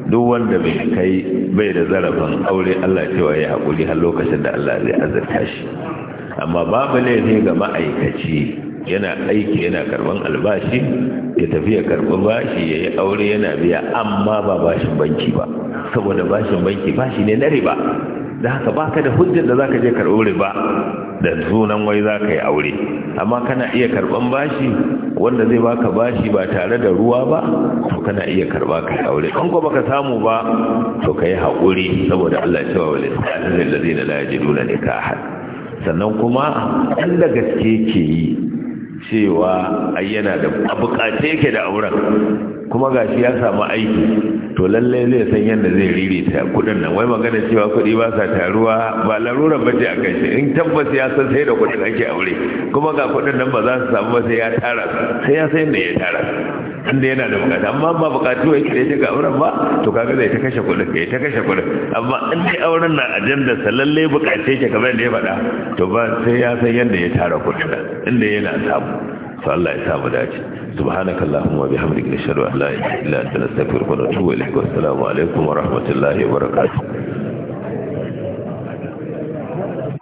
duk wanda bai kai bai da zarafin aure Allah cewa ya hakuri har lokacin da Allah zai azurta shi amma babu laifi ga ma'aikaci yana aiki yana karban albashi ya tafi ya karbi bashi ya yi aure yana biya amma ba bashin banki ba saboda bashin banki bashi ne na riba da haka ka da hujjar da za ka je wuri ba da sunan wai za ka yi aure amma kana iya karɓan bashi wanda zai baka bashi ba tare da ruwa ba to kana iya karɓa kai aure kan ko baka samu ba to kai haƙuri saboda Allah ya ce wa lillazina la yajiduna nikahan sannan kuma inda gaske ke yi cewa ayyana yana da bukace yake da auren kuma ga shi ya samu aiki to lalle zai san yadda zai ririta kudin nan wai magana cewa kudi ba sa taruwa ba larura ce a shi in tabbas ya san sai da kudin ake aure kuma ga kudin nan ba za su samu ba sai ya tara sai ya san yadda ya tara inda yana da bukata amma ba bukatu ya kire ga auren ba to kaga zai ta kashe kudin ya ta kashe kudin amma in dai auren na ajanda sa lalle bukace ke kamar da ya faɗa to ba sai ya san yadda ya tara kudin inda yana samu fa Allah ya sa mu dace subhanakallahumma bihamdika nashhadu an la ilaha illa anta nastaghfiruka wa natubu ilaik wa assalamu alaikum wa rahmatullahi wa barakatuh